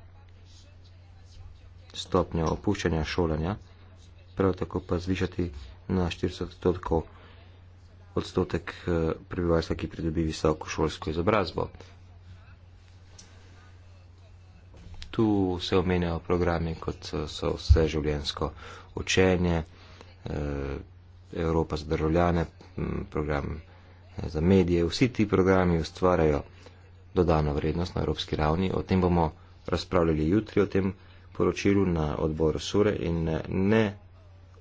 stopnjo opuščanja šolanja, prav tako pa zvišati na 40 odstotkov odstotek eh, prebivalstva, ki pridobi visoko šolsko izobrazbo. Tu se omenjajo programe, kot eh, so vse življensko učenje, eh, Evropa za državljane, program za medije. Vsi ti programi ustvarjajo dodano vrednost na evropski ravni. O tem bomo razpravljali jutri, o tem poročilu na odboru Sure in ne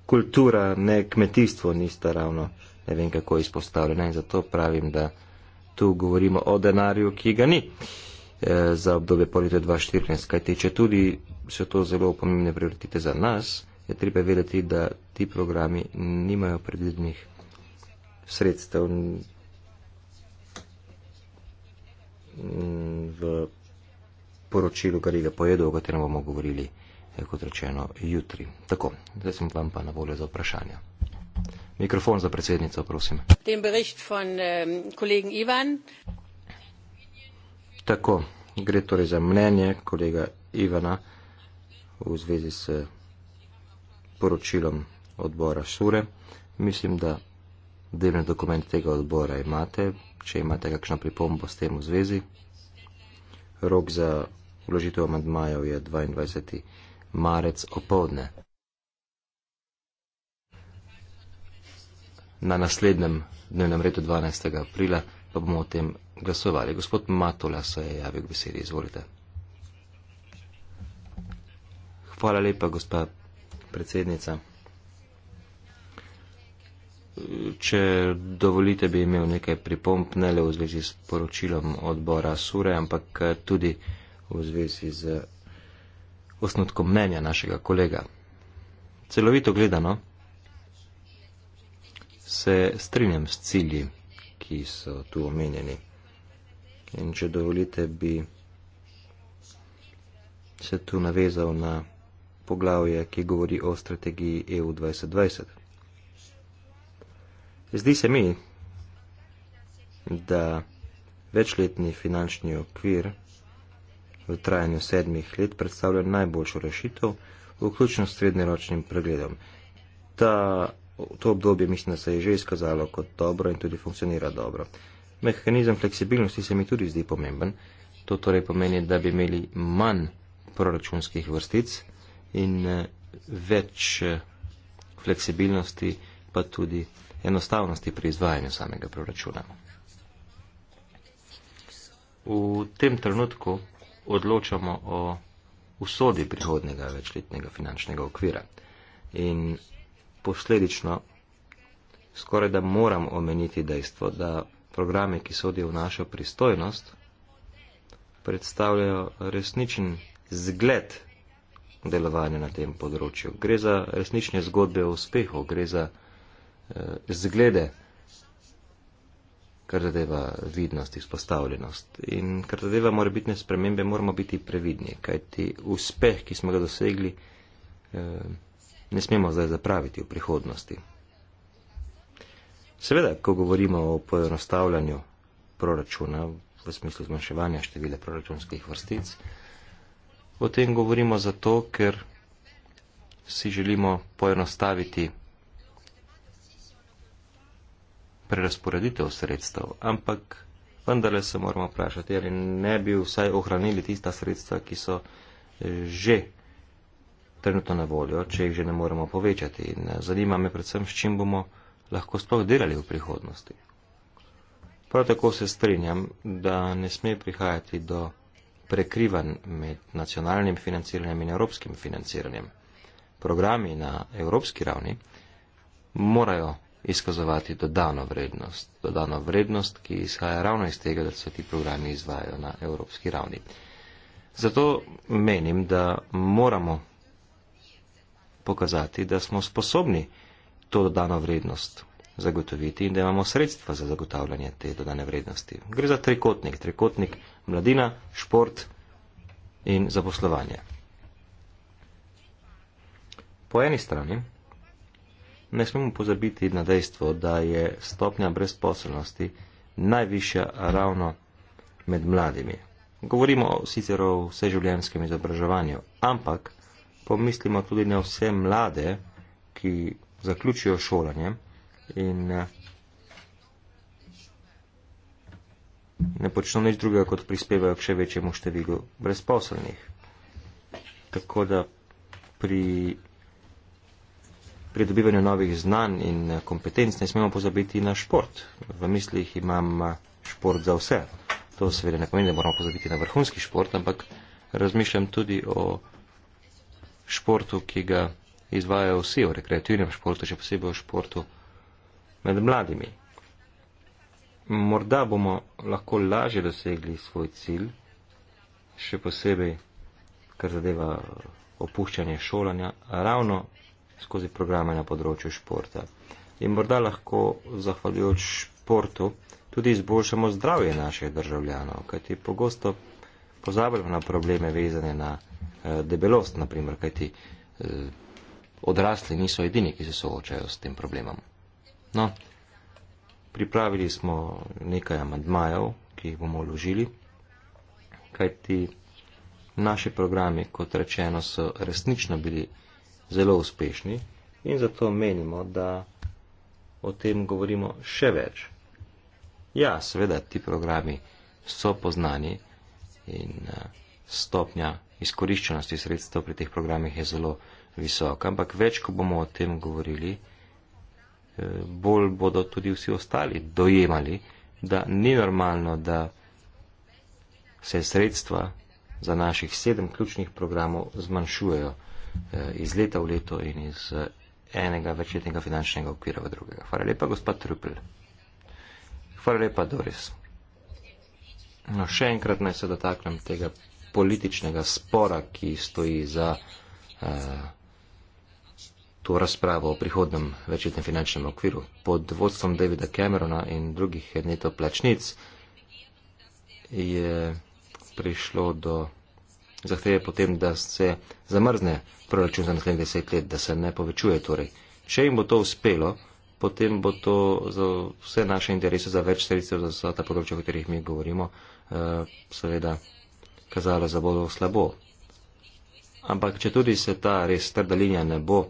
kultura, ne kmetijstvo nista ravno ne vem kako izpostavljena in zato pravim, da tu govorimo o denarju, ki ga ni e, za obdobje po letu 2014. Kajti, če tudi so to zelo pomembne prioritete za nas, je treba vedeti, da ti programi nimajo predvidnih sredstev v poročilu, kar je pojedo, o katerem bomo govorili, eh, kot rečeno, jutri. Tako, zdaj sem vam pa na voljo za vprašanja. Mikrofon za predsednico, prosim. Ehm, Tako, gre torej za mnenje kolega Ivana v zvezi s poročilom odbora Sure. Mislim, da delne dokumente tega odbora imate, če imate kakšno pripombo s tem v zvezi. Rok za vložitev amandmajev je 22. marec opovdne. na naslednjem dnevnem redu 12. aprila, pa bomo o tem glasovali. Gospod Matola se je javil k besedi, izvolite. Hvala lepa, gospa predsednica. Če dovolite, bi imel nekaj pripomp, ne le v zvezi s poročilom odbora Sure, ampak tudi v zvezi z osnutkom mnenja našega kolega. Celovito gledano, se strinjam s cilji, ki so tu omenjeni. In če dovolite, bi se tu navezal na poglavje, ki govori o strategiji EU 2020. Zdi se mi, da večletni finančni okvir v trajanju sedmih let predstavlja najboljšo rešitev, vključno s srednjeročnim pregledom. Ta to obdobje mislim, da se je že izkazalo kot dobro in tudi funkcionira dobro. Mehanizem fleksibilnosti se mi tudi zdi pomemben. To torej pomeni, da bi imeli manj proračunskih vrstic in eh, več eh, fleksibilnosti, pa tudi enostavnosti pri izvajanju samega proračuna. V tem trenutku odločamo o usodi prihodnega večletnega finančnega okvira. In posledično skoraj da moram omeniti dejstvo, da programe, ki sodijo v našo pristojnost, predstavljajo resničen zgled delovanja na tem področju. Gre za resnične zgodbe o uspehu, gre za eh, zglede, kar zadeva vidnost, izpostavljenost. In kar zadeva morebitne spremembe, moramo biti previdni, kajti uspeh, ki smo ga dosegli, eh, ne smemo zdaj zapraviti v prihodnosti. Seveda, ko govorimo o poenostavljanju proračuna v smislu zmanjševanja števila proračunskih vrstic, o tem govorimo zato, ker si želimo poenostaviti prerasporeditev sredstev, ampak vendarle se moramo vprašati, ali ne bi vsaj ohranili tista sredstva, ki so eh, že trenutno na voljo, če jih že ne moremo povečati in eh, zanima me predvsem, s čim bomo lahko sploh delali v prihodnosti. Prav tako se strinjam, da ne sme prihajati do prekrivan med nacionalnim financiranjem in evropskim financiranjem. Programi na evropski ravni morajo izkazovati dodano vrednost, dodano vrednost, ki izhaja ravno iz tega, da se ti programi izvajajo na evropski ravni. Zato menim, da moramo pokazati, da smo sposobni to dodano vrednost zagotoviti in da imamo sredstva za zagotavljanje te dodane vrednosti. Gre za trikotnik, trikotnik mladina, šport in zaposlovanje. Po eni strani ne smemo pozabiti na dejstvo, da je stopnja brezposobnosti najvišja ravno med mladimi. Govorimo sicer o vseživljenjskem izobraževanju, ampak pomislimo tudi na vse mlade, ki zaključijo šolanje in eh, ne počno nič drugega, kot prispevajo k še večjemu številu brezposelnih. Tako da pri pridobivanju novih znanj in eh, kompetenc ne smemo pozabiti na šport. V mislih imam eh, šport za vse. To seveda ne pomeni, da moramo pozabiti na vrhunski šport, ampak razmišljam tudi o športu, ki ga izvajajo vsi v rekreativnem športu, še posebej v športu med mladimi. Morda bomo lahko lažje dosegli svoj cilj, še posebej, kar zadeva opuščanje šolanja, ravno skozi programe na področju športa. In morda lahko, zahvaljujoč športu, tudi izboljšamo zdravje naših državljanov, kajti pogosto pozabljamo na probleme vezane na Eh, debelost, naprimer, kajti eh, odrasli niso edini, ki se soočajo s tem problemom. No, pripravili smo nekaj amandmajev, ki jih bomo vložili, kajti naši programi, kot rečeno, so resnično bili zelo uspešni in zato menimo, da o tem govorimo še več. Ja, seveda, ti programi so poznani in eh, stopnja izkoriščenosti sredstev pri teh programih je zelo visoka, ampak več, ko bomo o tem govorili, eh, bolj bodo tudi vsi ostali dojemali, da ni normalno, da se sredstva za naših sedem ključnih programov zmanjšujejo eh, iz leta v leto in iz eh, enega večletnega finančnega okvira v drugega. Hvala lepa, gospod Trupel. Hvala lepa, Doris. No, še enkrat naj se dotaknem tega političnega spora, ki stoji za eh, to razpravo o prihodnem večjetnem finančnem okviru. Pod vodstvom Davida Camerona in drugih neto plačnic je prišlo do zahteve potem, da se zamrzne proračun za naslednjih deset let, da se ne povečuje. Torej. Če jim bo to uspelo, potem bo to za vse naše interese, za več sredstev, za vsa ta področja, o katerih mi govorimo, eh, seveda kazala za bolj slabo. Ampak, če tudi se ta res trda linija ne bo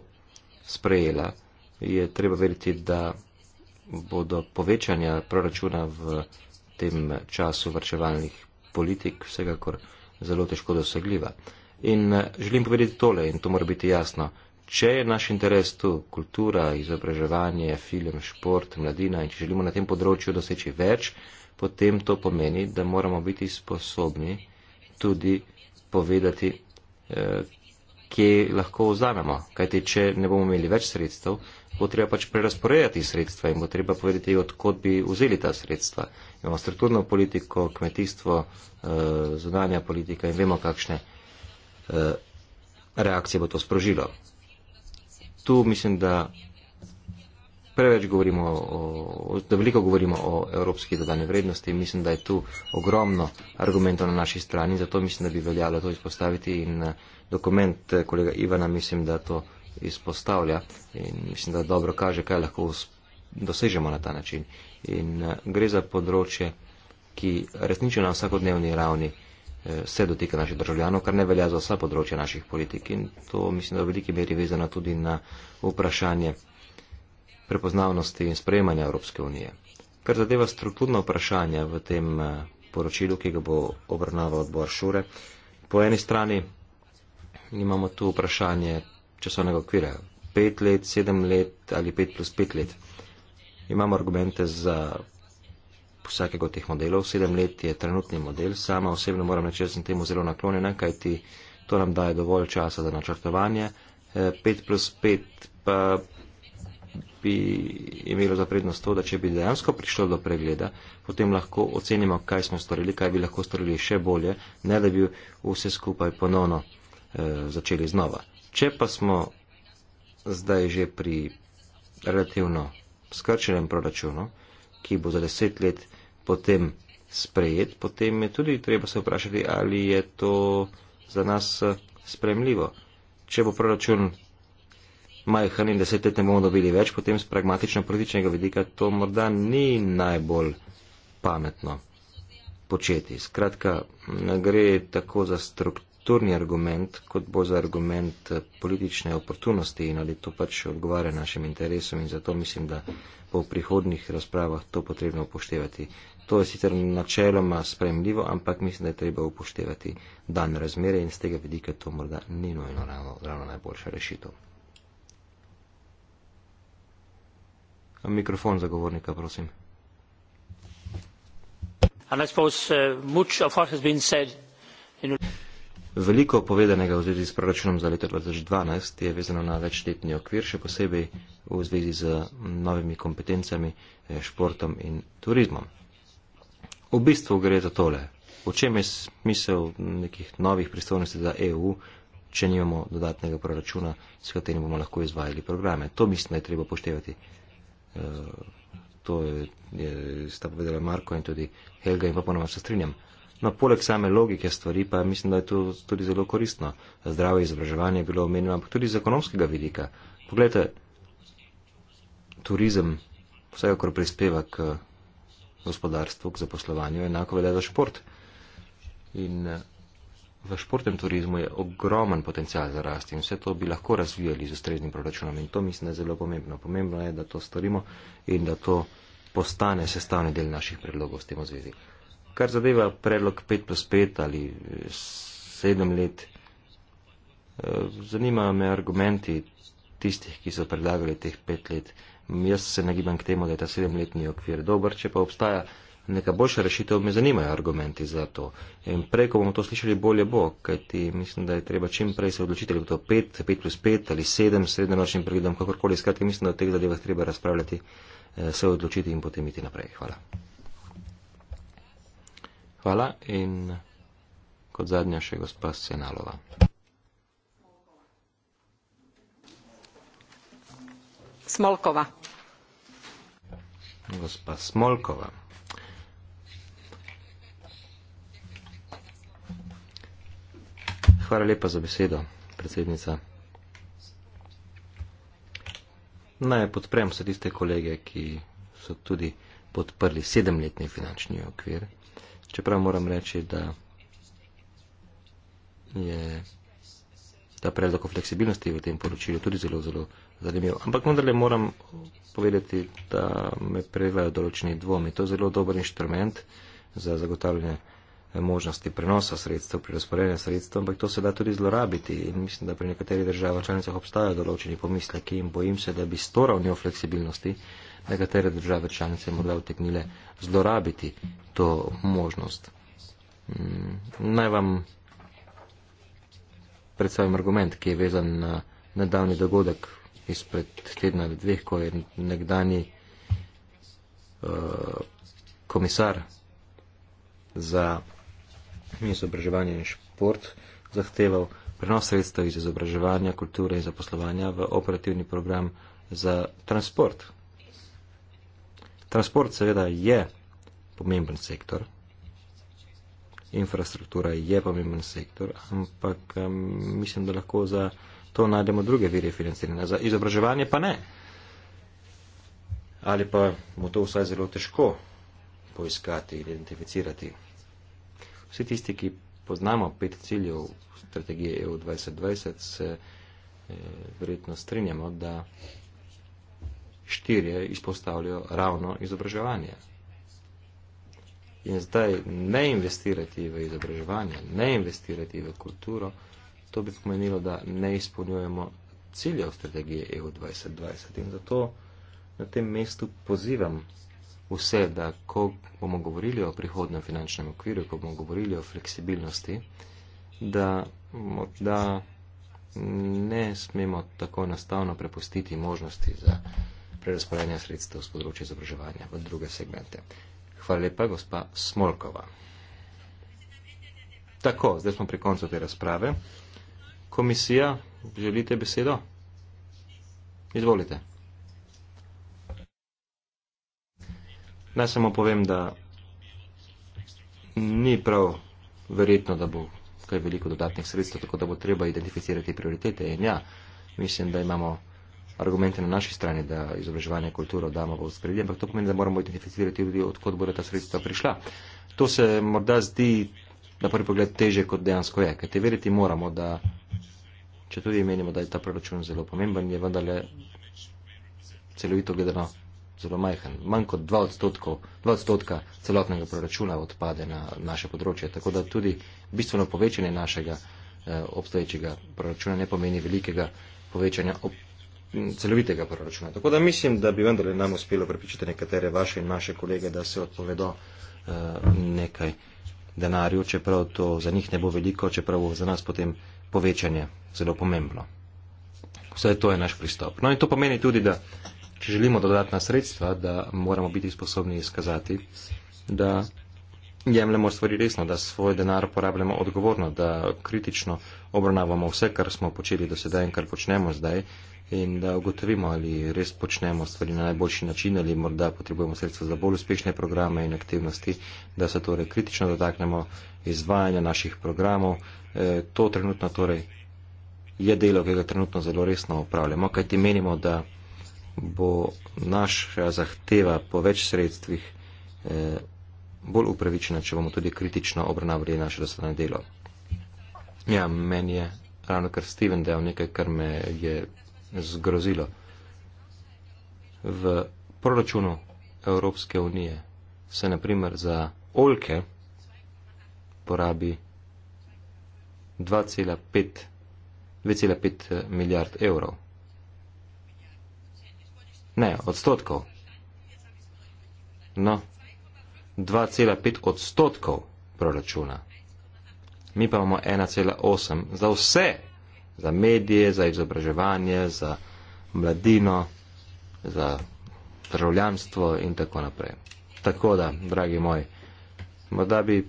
sprejela, je treba veriti, da bodo povečanja proračuna v tem času vrčevalnih politik vsekakor zelo težko dosegljiva. In eh, želim povedati tole, in to mora biti jasno, če je naš interes tu kultura, izobraževanje, film, šport, mladina in če želimo na tem področju doseči več, potem to pomeni, da moramo biti sposobni tudi povedati, eh, kje lahko vzamemo. Kajti, če ne bomo imeli več sredstev, bo treba pač prerasporejati sredstva in bo treba povedati, odkot bi vzeli ta sredstva. Imamo strukturno politiko, kmetijstvo, eh, zunanja politika in vemo, kakšne eh, reakcije bo to sprožilo. Tu mislim, da preveč govorimo, o, da veliko govorimo o evropski dodane vrednosti in mislim, da je tu ogromno argumentov na naši strani, zato mislim, da bi veljalo to izpostaviti in eh, dokument eh, kolega Ivana mislim, da to izpostavlja in mislim, da dobro kaže, kaj lahko dosežemo na ta način. In eh, gre za področje, ki resnično na vsakodnevni ravni se dotika naših državljanov, kar ne velja za vsa področja naših politik in to mislim, da v veliki meri vezano tudi na vprašanje prepoznavnosti in sprejemanja Evropske unije. Kar zadeva strukturno vprašanje v tem eh, poročilu, ki ga bo obravnaval odbor Šure, po eni strani imamo tu vprašanje časovnega okvira. Pet let, sedem let ali pet plus pet let. Imamo argumente za vsakega od teh modelov. Sedem let je trenutni model. Sama osebno moram reči, da sem temu zelo naklonjena, kajti to nam daje dovolj časa za načrtovanje. Eh, pet plus pet pa bi imelo za prednost to, da če bi dejansko prišlo do pregleda, potem lahko ocenimo, kaj smo storili, kaj bi lahko storili še bolje, ne da bi vse skupaj ponovno eh, začeli znova. Če pa smo zdaj že pri relativno skrčenem proračunu, ki bo za deset let potem sprejet, potem je tudi treba se vprašati, ali je to za nas eh, sprejemljivo. Če bo proračun majhen in deset let ne bomo dobili več, potem z pragmatično-političnega vidika to morda ni najbolj pametno početi. Skratka, gre tako za strukturni argument, kot bo za argument eh, politične oportunosti in ali to pač odgovarja našim interesom in zato mislim, da bo v prihodnih razpravah to potrebno upoštevati. To je sicer načeloma spremljivo, ampak mislim, da je treba upoštevati dan razmere in z tega vidika to morda ni nojno ravno, ravno najboljša rešitev. mikrofon zagovornika prosim. Uh, Veliko povedanega v zvezi s proračunom za leto 2012 je vezano na večletni okvir, še posebej v zvezi z novimi kompetencami, eh, športom in turizmom. V bistvu gre za tole. V čem je smisel nekih novih pristojnosti za EU, če nimamo dodatnega proračuna, s katerim bomo lahko izvajali programe? To mislim, da je treba poštevati uh, to je, je, sta povedala Marko in tudi Helga in popolnoma se strinjam. No, poleg same logike stvari pa mislim, da je to tudi zelo koristno. Zdravo izobraževanje je bilo omenjeno, ampak tudi z ekonomskega vidika. Poglejte, turizem vse okor prispeva k gospodarstvu, k zaposlovanju, enako velja za šport. In, uh, V športnem turizmu je ogromen potencial za rast in vse to bi lahko razvijali z ustreznim proračunom in to mislim, da je zelo pomembno. Pomembno je, da to storimo in da to postane sestavni del naših predlogov s tem v zvezi. Kar zadeva predlog 5 plus 5 ali 7 eh, let, eh, zanimajo me argumenti tistih, ki so predlagali teh 5 let. Jaz se nagibam k temu, da je ta 7-letni okvir dober, če pa obstaja neka boljša rešitev, me zanimajo argumenti za to. In prej, ko bomo to slišali, bolje bo, kajti mislim, da je treba čim prej se odločiti, ali bo to 5, 5 plus 5 ali 7 s srednjenočnim pregledom, kakorkoli skrati, mislim, da o teh zadevah treba razpravljati, eh, se odločiti in potem iti naprej. Hvala. Hvala in kot zadnja še gospa Senalova. Smolkova. Gospa Smolkova. Hvala lepa za besedo, predsednica. Naj podprem vse tiste kolege, ki so tudi podprli sedemletni finančni okvir. Čeprav moram reči, da je ta predlog o fleksibilnosti v tem poročilu tudi zelo, zelo zanimiv. Ampak vendarle moram povedati, da me prevajo določeni dvomi. To je zelo dober inštrument za zagotavljanje možnosti prenosa sredstev, prerasporedja sredstev, ampak to se da tudi zlorabiti in mislim, da pri nekaterih državah članicah obstajajo določeni pomisleki in bojim se, da bi s to ravnjo fleksibilnosti nekatere države članice morda uteknile zlorabiti to možnost. Mm, naj vam predstavim argument, ki je vezan na nedavni dogodek izpred tedna ali dveh, ko je nekdani uh, komisar za in izobraževanje in šport zahteval prenos sredstev iz izobraževanja, kulture in zaposlovanja v operativni program za transport. Transport seveda je pomemben sektor, infrastruktura je pomemben sektor, ampak um, mislim, da lahko za to najdemo druge vire financiranja, za izobraževanje pa ne. Ali pa bo to vsaj zelo težko poiskati, identificirati. Vsi tisti, ki poznamo pet ciljev strategije EU 2020, se eh, verjetno strinjamo, da štirje izpostavljajo ravno izobraževanje. In zdaj ne investirati v izobraževanje, ne investirati v kulturo, to bi pomenilo, da ne izpolnjujemo ciljev strategije EU 2020. In zato na tem mestu pozivam vse, da ko bomo govorili o prihodnem finančnem okviru, ko bomo govorili o fleksibilnosti, da morda ne smemo tako enostavno prepustiti možnosti za prerasporedanje sredstev z področja izobraževanja v druge segmente. Hvala lepa, gospa Smolkova. Tako, zdaj smo pri koncu te razprave. Komisija, želite besedo? Izvolite. Naj samo povem, da ni prav verjetno, da bo kaj veliko dodatnih sredstev, tako da bo treba identificirati prioritete. In ja, mislim, da imamo argumente na naši strani, da izobraževanje kulturo damo v spredje, ampak to pomeni, da moramo identificirati tudi, odkot bodo ta sredstva prišla. To se morda zdi na prvi pogled teže, kot dejansko je, kajte veriti moramo, da če tudi menimo, da je ta proračun zelo pomemben, je vendarle celovito gledano zelo majhen, manj kot 2 odstotka celotnega proračuna odpade na naše področje. Tako da tudi bistveno povečanje našega eh, obstoječega proračuna ne pomeni velikega povečanja ob, celovitega proračuna. Tako da mislim, da bi vendarle nam uspelo prepričati nekatere vaše in naše kolege, da se odpovedo eh, nekaj denarju, čeprav to za njih ne bo veliko, čeprav bo za nas potem povečanje zelo pomembno. Vse to je naš pristop. No in to pomeni tudi, da če želimo dodatna sredstva, da moramo biti sposobni izkazati, da jemljemo stvari resno, da svoj denar porabljamo odgovorno, da kritično obravnavamo vse, kar smo počeli do sedaj in kar počnemo zdaj in da ugotovimo, ali res počnemo stvari na najboljši način ali morda potrebujemo sredstva za bolj uspešne programe in aktivnosti, da se torej kritično dotaknemo izvajanja naših programov. E, to trenutno torej je delo, ki ga trenutno zelo resno upravljamo, kajti menimo, da bo naša zahteva po več sredstvih eh, bolj upravičena, če bomo tudi kritično obravnavali naše dosedanje delo. Ja, meni je ravno kar Steven dejal nekaj, kar me je zgrozilo. V proračunu Evropske unije se na primer za oljke porabi 2,5 2,5 eh, milijard evrov. Ne, odstotkov. No, 2,5 odstotkov proračuna. Mi pa imamo 1,8 za vse, za medije, za izobraževanje, za mladino, za državljanstvo in tako naprej. Tako da, dragi moji, morda bi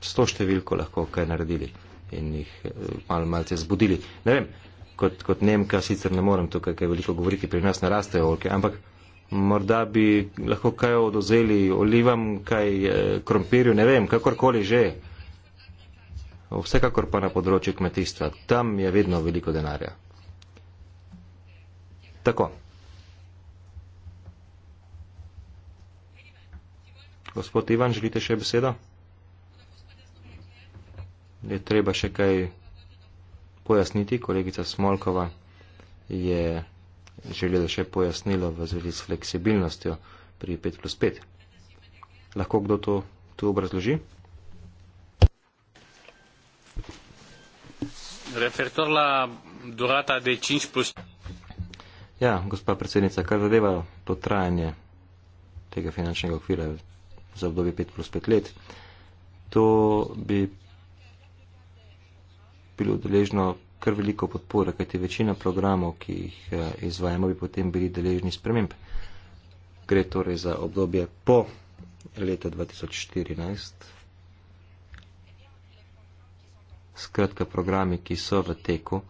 s to številko lahko kaj naredili in jih eh, mal, malce zbudili. Ne vem, kot, kot Nemka sicer ne morem tukaj kaj veliko govoriti, pri nas narastejo oljke, ampak morda bi lahko kaj odozeli olivam, kaj eh, krompirju, ne vem, kakorkoli že. Vsekakor pa na področju kmetijstva. Tam je vedno veliko denarja. Tako. Gospod Ivan, želite še besedo? Je treba še kaj pojasniti. Kolegica Smolkova je želela še pojasnilo v zvezi s fleksibilnostjo pri 5 plus 5. Lahko kdo to tu obrazloži? Ja, gospa predsednica, kar zadeva to trajanje tega finančnega okvira za obdobje 5 plus 5 let, to bi bilo deležno kar veliko podpore, kajti večina programov, ki jih eh, izvajamo, bi potem bili deležni sprememb. Gre torej za obdobje po leta 2014. Skratka, programi, ki so v teku,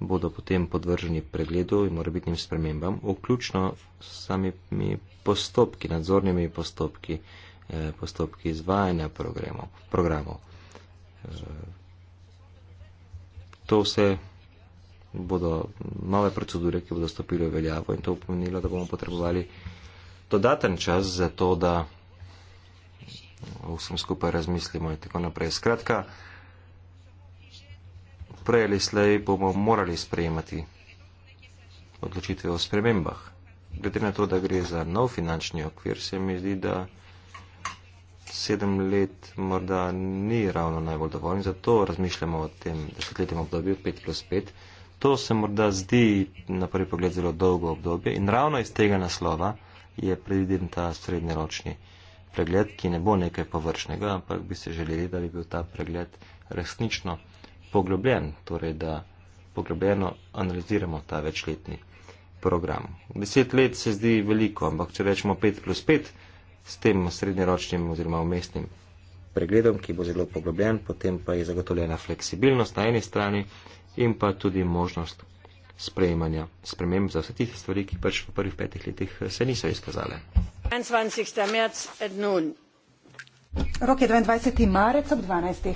bodo potem podvrženi pregledu in morebitnim spremembam, vključno s samimi postopki, nadzornimi postopki, eh, postopki izvajanja programov. programov. Eh, to vse bodo nove procedure, ki bodo stopile v veljavo in to pomenilo, da bomo potrebovali dodaten čas za to, da vsem skupaj razmislimo in tako naprej. Skratka, prej ali slej bomo morali sprejemati odločitve o spremembah. Glede na to, da gre za nov finančni okvir, se mi zdi, da sedem let morda ni ravno najbolj dovolj in zato razmišljamo o tem desetletjem obdobju 5 plus 5. To se morda zdi na prvi pogled zelo dolgo obdobje in ravno iz tega naslova je predviden ta srednjeročni pregled, ki ne bo nekaj površnega, ampak bi se želeli, da bi bil ta pregled resnično poglobljen, torej da poglobljeno analiziramo ta večletni program. Deset let se zdi veliko, ampak če rečemo 5 plus 5, s tem srednjeročnim oziroma umestnim pregledom, ki bo zelo poglobljen, potem pa je zagotovljena fleksibilnost na eni strani in pa tudi možnost sprejemanja sprememb za vse tiste stvari, ki pač v prvih petih letih eh, se niso izkazale. Rok je 22. marec ob 12.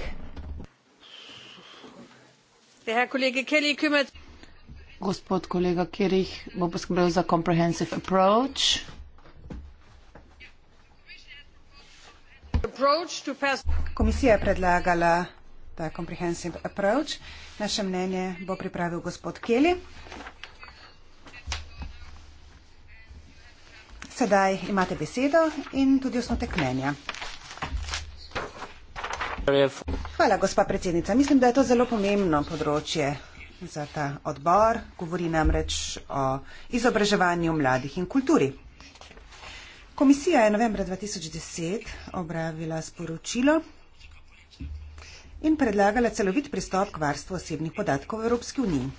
Ja, Gospod kolega Kirih bo poskrbel za comprehensive approach. Komisija je predlagala ta comprehensive approach. Naše mnenje bo pripravil gospod Kelly. Sedaj imate besedo in tudi osnotek mnenja. Hvala, gospa predsednica. Mislim, da je to zelo pomembno področje za ta odbor. Govori namreč o izobraževanju mladih in kulturi. Komisija je novembra 2010 objavila sporočilo in predlagala celovit pristop k varstvu osebnih podatkov v Evropski uniji.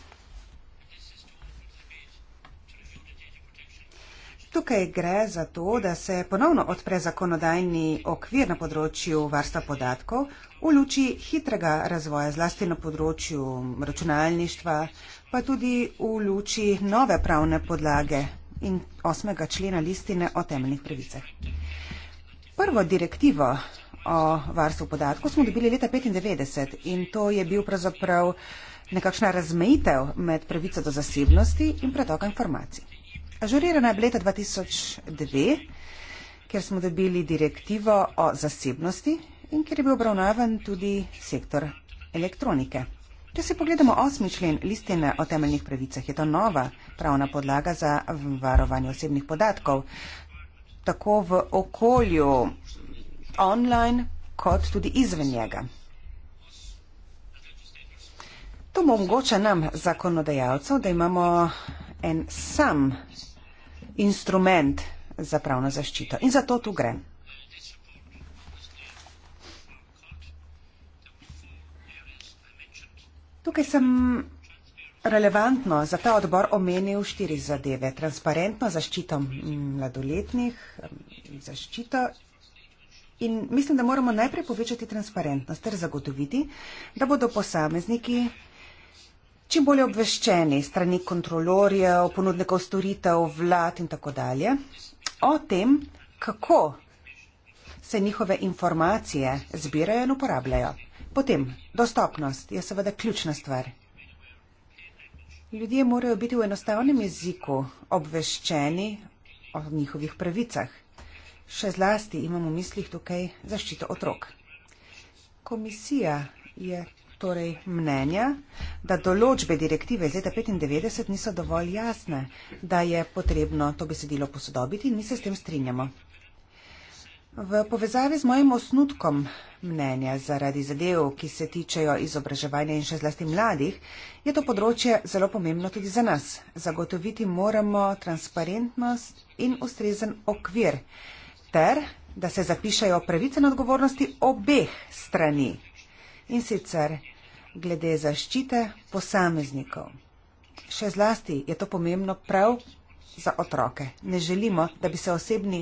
Tukaj gre za to, da se ponovno odpre zakonodajni okvir na področju varstva podatkov v luči hitrega razvoja, zlasti na področju računalništva, pa tudi v luči nove pravne podlage in 8. člena listine o temeljnih pravicah. Prvo direktivo o varstvu podatkov smo dobili leta 1995 in to je bil pravzaprav nekakšna razmejitev med pravico do zasebnosti in pretoka informacij. Ažurirana je bila leta 2002, ker smo dobili direktivo o zasebnosti in ker je bil obravnavan tudi sektor elektronike. Če si pogledamo osmi člen listine o temeljnih pravicah, je to nova pravna podlaga za varovanje osebnih podatkov, tako v okolju online, kot tudi izven njega. To omogoča nam, zakonodajalcev, da imamo en sam instrument za pravno zaščito. In zato tu grem. Tukaj sem relevantno za ta odbor omenil štiri zadeve. Transparentno zaščito mladoletnih, zaščito. In mislim, da moramo najprej povečati transparentnost ter zagotoviti, da bodo posamezniki čim bolje obveščeni strani kontrolorjev, ponudnikov storitev, vlad in tako dalje o tem, kako se njihove informacije zbirajo in uporabljajo. Potem, dostopnost je seveda ključna stvar. Ljudje morajo biti v enostavnem jeziku obveščeni o njihovih pravicah. Še zlasti imamo v mislih tukaj zaščito otrok. Komisija je torej mnenja, da določbe direktive iz leta 1995 niso dovolj jasne, da je potrebno to besedilo posodobiti in mi se s tem strinjamo. V povezavi z mojim osnutkom mnenja zaradi zadev, ki se tičejo izobraževanja in še zlasti mladih, je to področje zelo pomembno tudi za nas. Zagotoviti moramo transparentnost in ustrezen okvir, ter da se zapišajo pravice in odgovornosti obeh strani in sicer glede zaščite posameznikov. Še zlasti je to pomembno prav za otroke. Ne želimo, da bi se osebni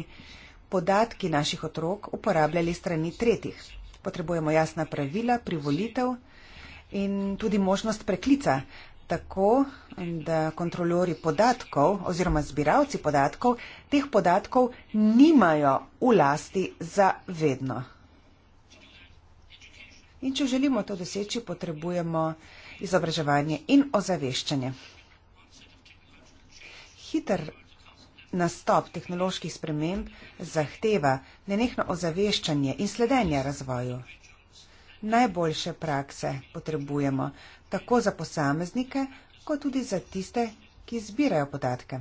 podatki naših otrok uporabljali strani tretjih. Potrebujemo jasna pravila, privolitev in tudi možnost preklica, tako da kontrolori podatkov oziroma zbiravci podatkov teh podatkov nimajo v lasti za vedno. In če želimo to doseči, potrebujemo izobraževanje in ozaveščanje. Hiter nastop tehnoloških sprememb zahteva nenehno ozaveščanje in sledenje razvoju. Najboljše prakse potrebujemo tako za posameznike, kot tudi za tiste, ki zbirajo podatke.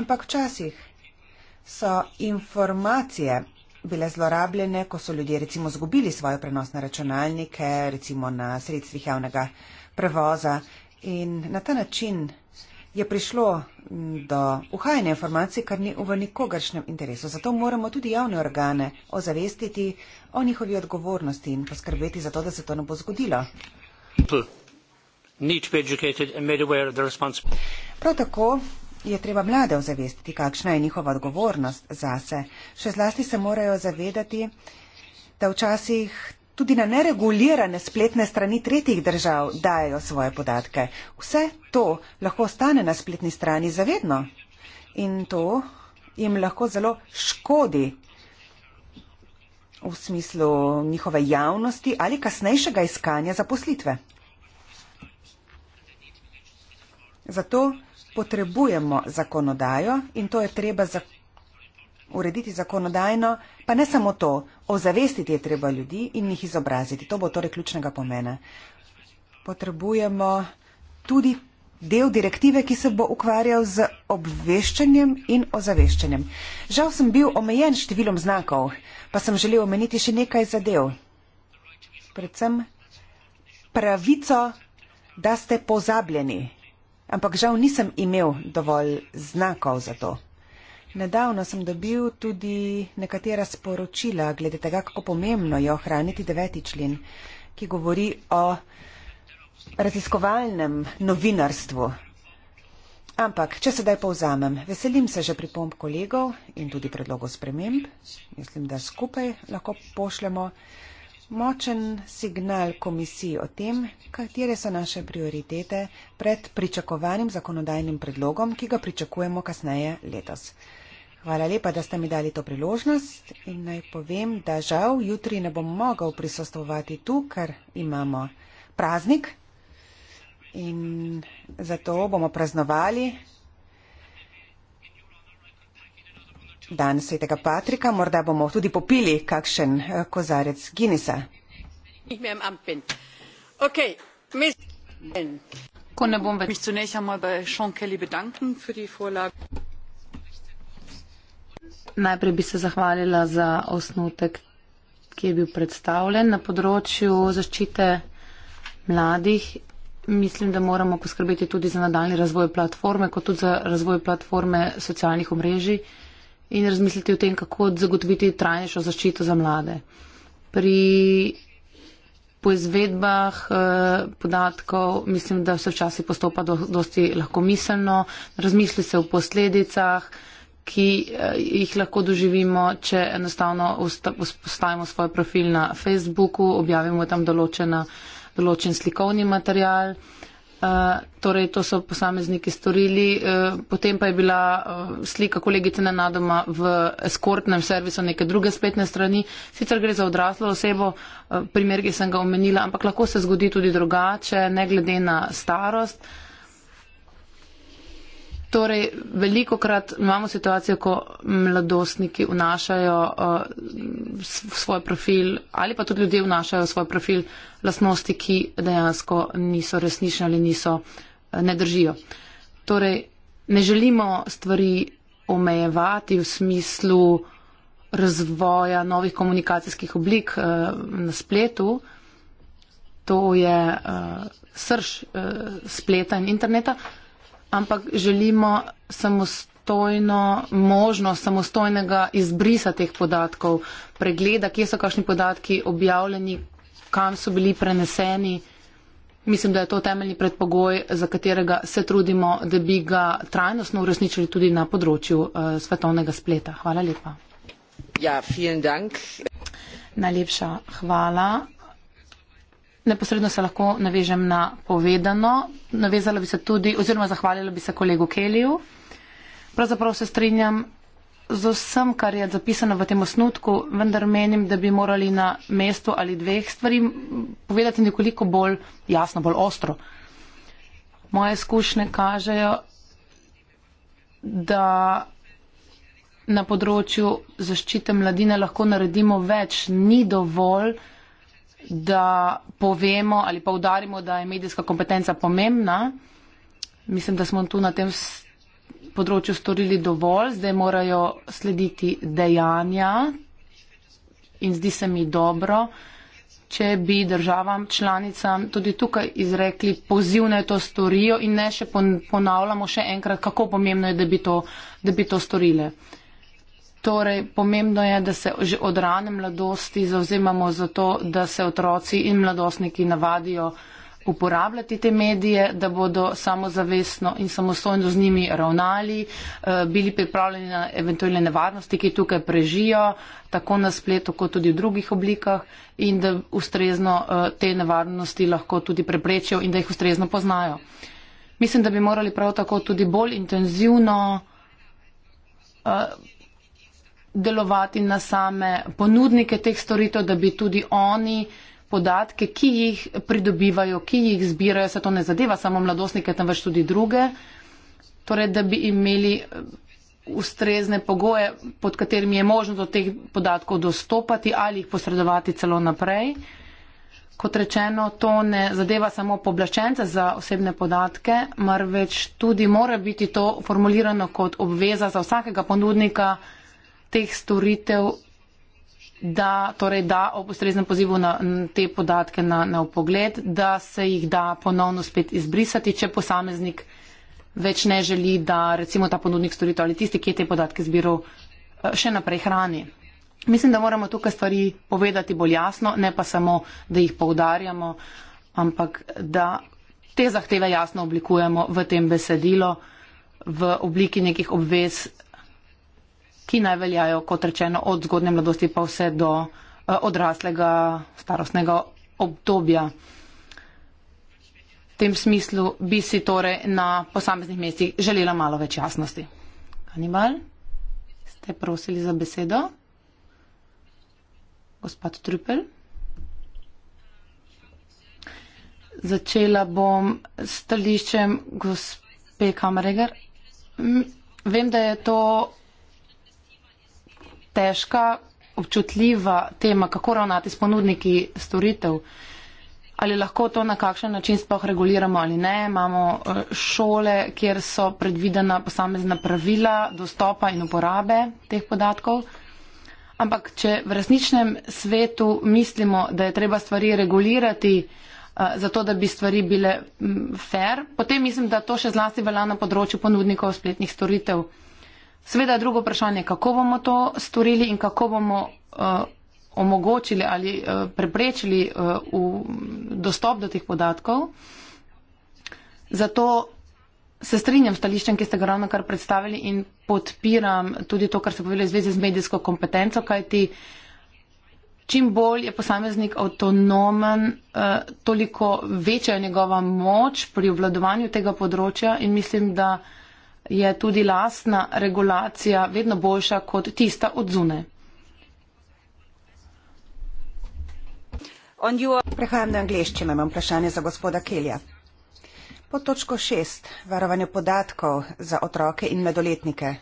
Ampak včasih so informacije bile zlorabljene, ko so ljudje recimo zgubili svoje prenosne računalnike, recimo na sredstvih javnega prevoza In na ta način je prišlo mm, do uhajanja informacij, kar ni v nikogaršnem interesu. Zato moramo tudi javne organe ozavestiti o njihovi odgovornosti in poskrbeti za to, da se to ne bo zgodilo. Prav tako je treba mlade ozavestiti, kakšna je njihova odgovornost zase. Še zlasti se morajo zavedati, da včasih Tudi na neregulirane spletne strani tretjih držav dajo svoje podatke. Vse to lahko ostane na spletni strani zavedno in to jim lahko zelo škodi v smislu njihove javnosti ali kasnejšega iskanja zaposlitve. Zato potrebujemo zakonodajo in to je treba zakonodajo urediti zakonodajno, pa ne samo to, ozavestiti je treba ljudi in jih izobraziti. To bo torej ključnega pomena. Potrebujemo tudi del direktive, ki se bo ukvarjal z obveščanjem in ozaveščanjem. Žal sem bil omejen številom znakov, pa sem želel omeniti še nekaj zadev. Predvsem pravico, da ste pozabljeni. Ampak žal nisem imel dovolj znakov za to. Nedavno sem dobil tudi nekatera sporočila glede tega, kako pomembno je ohraniti deveti člen, ki govori o raziskovalnem novinarstvu. Ampak, če sedaj povzamem, veselim se že pripomb kolegov in tudi predlogov sprememb. Mislim, da skupaj lahko pošljemo močen signal komisiji o tem, katere so naše prioritete pred pričakovanim zakonodajnim predlogom, ki ga pričakujemo kasneje letos. Hvala lepa, da ste mi dali to priložnost in naj povem, da žal jutri ne bom mogel prisostovati tu, ker imamo praznik in zato bomo praznovali dan svetega Patrika, morda bomo tudi popili kakšen eh, kozarec Ginisa. Ko ne bom več. Najprej bi se zahvalila za osnutek, ki je bil predstavljen na področju zaščite mladih. Mislim, da moramo poskrbeti tudi za nadaljni razvoj platforme, kot tudi za razvoj platforme socialnih omrežij in razmisliti o tem, kako zagotoviti trajnejšo zaščito za mlade. Pri po izvedbah eh, podatkov mislim, da se včasih postopa do, dosti lahko miselno, razmisli se o posledicah, ki eh, jih lahko doživimo, če enostavno vzpostavimo svoj profil na Facebooku, objavimo tam določena, določen slikovni material. Uh, torej, to so posamezniki storili, uh, potem pa je bila uh, slika kolegice nenadoma v eskortnem servisu neke druge spletne strani. Sicer gre za odraslo osebo, uh, primer, ki sem ga omenila, ampak lahko se zgodi tudi drugače, ne glede na starost. Uh, Torej, veliko krat imamo situacijo, ko mladostniki vnašajo uh, svoj profil ali pa tudi ljudje vnašajo svoj profil lasnosti, ki dejansko niso resnične ali niso, uh, ne držijo. Torej, ne želimo stvari omejevati v smislu razvoja novih komunikacijskih oblik uh, na spletu. To je uh, srž uh, spleta in interneta ampak želimo samostojno možnost samostojnega izbrisa teh podatkov, pregleda, kje so kakšni podatki objavljeni, kam so bili preneseni. Mislim, da je to temeljni predpogoj, za katerega se trudimo, da bi ga trajnostno uresničili tudi na področju uh, svetovnega spleta. Hvala lepa. Ja, Najlepša hvala. Neposredno se lahko navežem na povedano. Navezala bi se tudi, oziroma zahvalila bi se kolegu Keliju. Pravzaprav se strinjam z vsem, kar je zapisano v tem osnutku, vendar menim, da bi morali na mestu ali dveh stvari povedati nekoliko bolj jasno, bolj ostro. Moje izkušnje kažejo, da na področju zaščite mladine lahko naredimo več, ni dovolj da povemo ali pa udarimo, da je medijska kompetenca pomembna. Mislim, da smo tu na tem področju storili dovolj, zdaj morajo slediti dejanja in zdi se mi dobro, če bi državam, članicam tudi tukaj izrekli poziv, naj to storijo in ne še ponavljamo še enkrat, kako pomembno je, da bi to, da bi to storile. Torej, pomembno je, da se že od rane mladosti zauzemamo za to, da se otroci in mladostniki navadijo uporabljati te medije, da bodo samozavestno in samostojno z njimi ravnali, eh, bili pripravljeni na eventualne nevarnosti, ki tukaj prežijo, tako na spletu, kot tudi v drugih oblikah in da ustrezno eh, te nevarnosti lahko tudi preprečijo in da jih ustrezno poznajo. Mislim, da bi morali prav tako tudi bolj intenzivno eh, delovati na same ponudnike teh storitev, da bi tudi oni podatke, ki jih pridobivajo, ki jih zbirajo, se to ne zadeva samo mladostnike, temveč tudi druge, torej da bi imeli eh, ustrezne pogoje, pod katerimi je možno do teh podatkov dostopati ali jih posredovati celo naprej. Kot rečeno, to ne zadeva samo poblaščence za osebne podatke, marveč tudi mora biti to formulirano kot obveza za vsakega ponudnika, teh storitev, da, torej da ob ustreznem pozivu na, na te podatke na, na upogled, da se jih da ponovno spet izbrisati, če posameznik več ne želi, da recimo ta ponudnik storitev ali tisti, ki je te podatke zbiral, eh, še naprej hrani. Mislim, da moramo tukaj stvari povedati bolj jasno, ne pa samo, da jih poudarjamo, ampak da te zahteve jasno oblikujemo v tem besedilo, v obliki nekih obvez ki naj veljajo, kot rečeno, od zgodne mladosti pa vse do eh, odraslega starostnega obdobja. V tem smislu bi si torej na posameznih mestih želela malo več jasnosti. Kanibal, ste prosili za besedo? Gospod Trupel? Začela bom s stališčem gospe Kamreger. Vem, da je to težka, občutljiva tema, kako ravnati s ponudniki storitev. Ali lahko to na kakšen način sploh reguliramo ali ne? Imamo eh, šole, kjer so predvidena posamezna pravila dostopa in uporabe teh podatkov. Ampak, če v resničnem svetu mislimo, da je treba stvari regulirati, eh, zato da bi stvari bile mm, fair, potem mislim, da to še zlasti velja na področju ponudnikov spletnih storitev. Seveda je drugo vprašanje, kako bomo to storili in kako bomo uh, omogočili ali uh, preprečili uh, v, dostop do teh podatkov. Zato se strinjam stališčem, ki ste ga ravno kar predstavili in podpiram tudi to, kar ste povedali v zvezi z medijsko kompetenco, kajti čim bolj je posameznik avtonomen, uh, toliko večja je njegova moč pri obvladovanju tega področja in mislim, da je tudi lastna regulacija vedno boljša kot tista od zune. Prehajam na angliščino, imam vprašanje za gospoda Kelja. Po točko šest, varovanje podatkov za otroke in mladoletnike.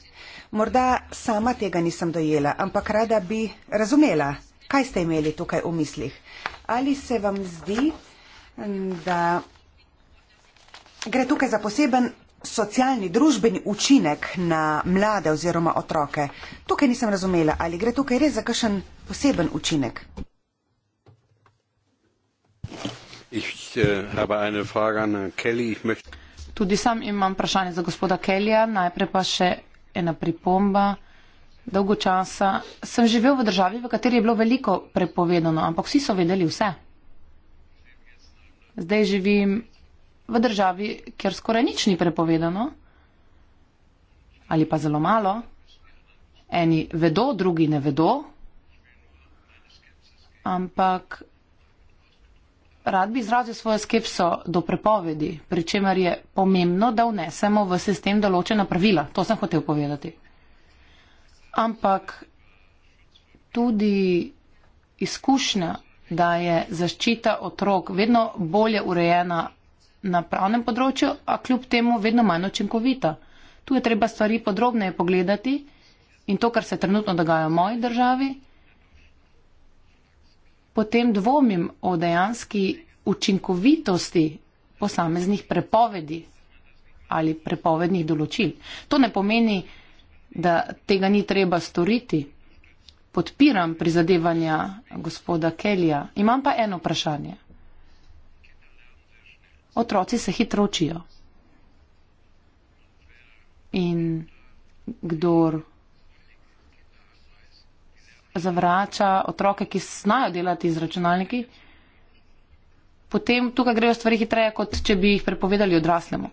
Morda sama tega nisem dojela, ampak rada bi razumela, kaj ste imeli tukaj v mislih. Ali se vam zdi, da gre tukaj za poseben socialni, družbeni učinek na mlade oziroma otroke. Tukaj nisem razumela, ali gre tukaj res za kakšen poseben učinek. Ich, uh, habe eine Frage an äh, Kelly. Ich möchte... Tudi sam imam vprašanje za gospoda Kellyja. Najprej pa še ena pripomba. Dolgo časa sem živel v državi, v kateri je bilo veliko prepovedano, ampak vsi so vedeli vse. Zdaj živim v državi, kjer skoraj nič ni prepovedano ali pa zelo malo, eni vedo, drugi ne vedo, ampak rad bi izrazil svojo skepso do prepovedi, pri čemer je pomembno, da vnesemo v sistem določena pravila, to sem hotel povedati. Ampak tudi izkušnja, da je zaščita otrok vedno bolje urejena na pravnem področju, a kljub temu vedno manj učinkovita. Tu je treba stvari podrobneje pogledati in to, kar se trenutno dogaja v moji državi, potem dvomim o dejanski učinkovitosti posameznih prepovedi ali prepovednih določil. To ne pomeni, da tega ni treba storiti. Podpiram prizadevanja gospoda Kelija. Imam pa eno vprašanje otroci se hitro učijo. In kdor zavrača otroke, ki znajo delati z računalniki, potem tukaj grejo stvari hitreje, kot če bi jih prepovedali odraslemu.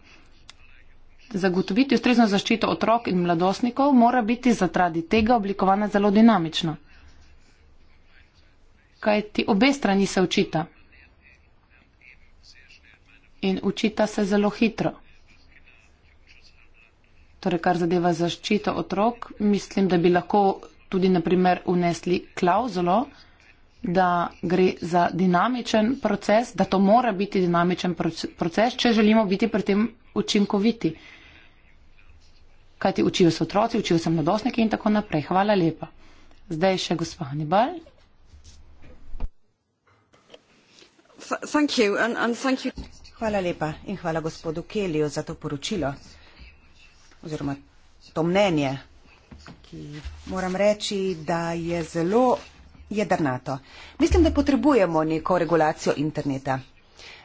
Zagotoviti ustrezno zaščito otrok in mladostnikov mora biti zaradi tega oblikovana zelo dinamično. Kaj ti obe strani se učita? in učita se zelo hitro. Torej, kar zadeva zaščito otrok, mislim, da bi lahko tudi naprimer unesli klauzulo, da gre za dinamičen proces, da to mora biti dinamičen proces, če želimo biti pri tem učinkoviti. Kajti učijo se otroci, učijo se mladostniki in tako naprej. Hvala lepa. Zdaj še gospod Hannibal. Thank you and, and thank you. Hvala lepa in hvala gospodu Keliju za to poročilo oziroma to mnenje, ki moram reči, da je zelo jedrnato. Mislim, da potrebujemo neko regulacijo interneta.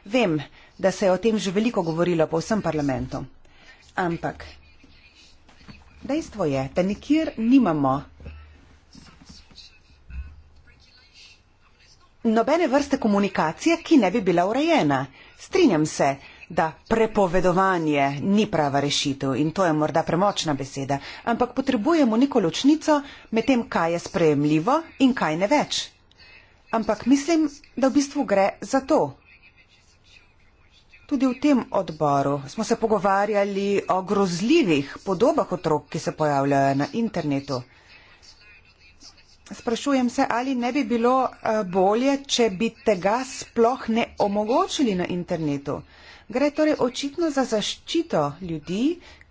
Vem, da se je o tem že veliko govorilo po vsem parlamentu, ampak dejstvo je, da nikjer nimamo nobene vrste komunikacije, ki ne bi bila urejena. Strinjam se, da prepovedovanje ni prava rešitev in to je morda premočna beseda, ampak potrebujemo neko ločnico med tem, kaj je sprejemljivo in kaj ne več. Ampak mislim, da v bistvu gre za to. Tudi v tem odboru smo se pogovarjali o grozljivih podobah otrok, ki se pojavljajo na internetu sprašujem se, ali ne bi bilo eh, bolje, če bi tega sploh ne omogočili na internetu. Gre torej očitno za zaščito ljudi,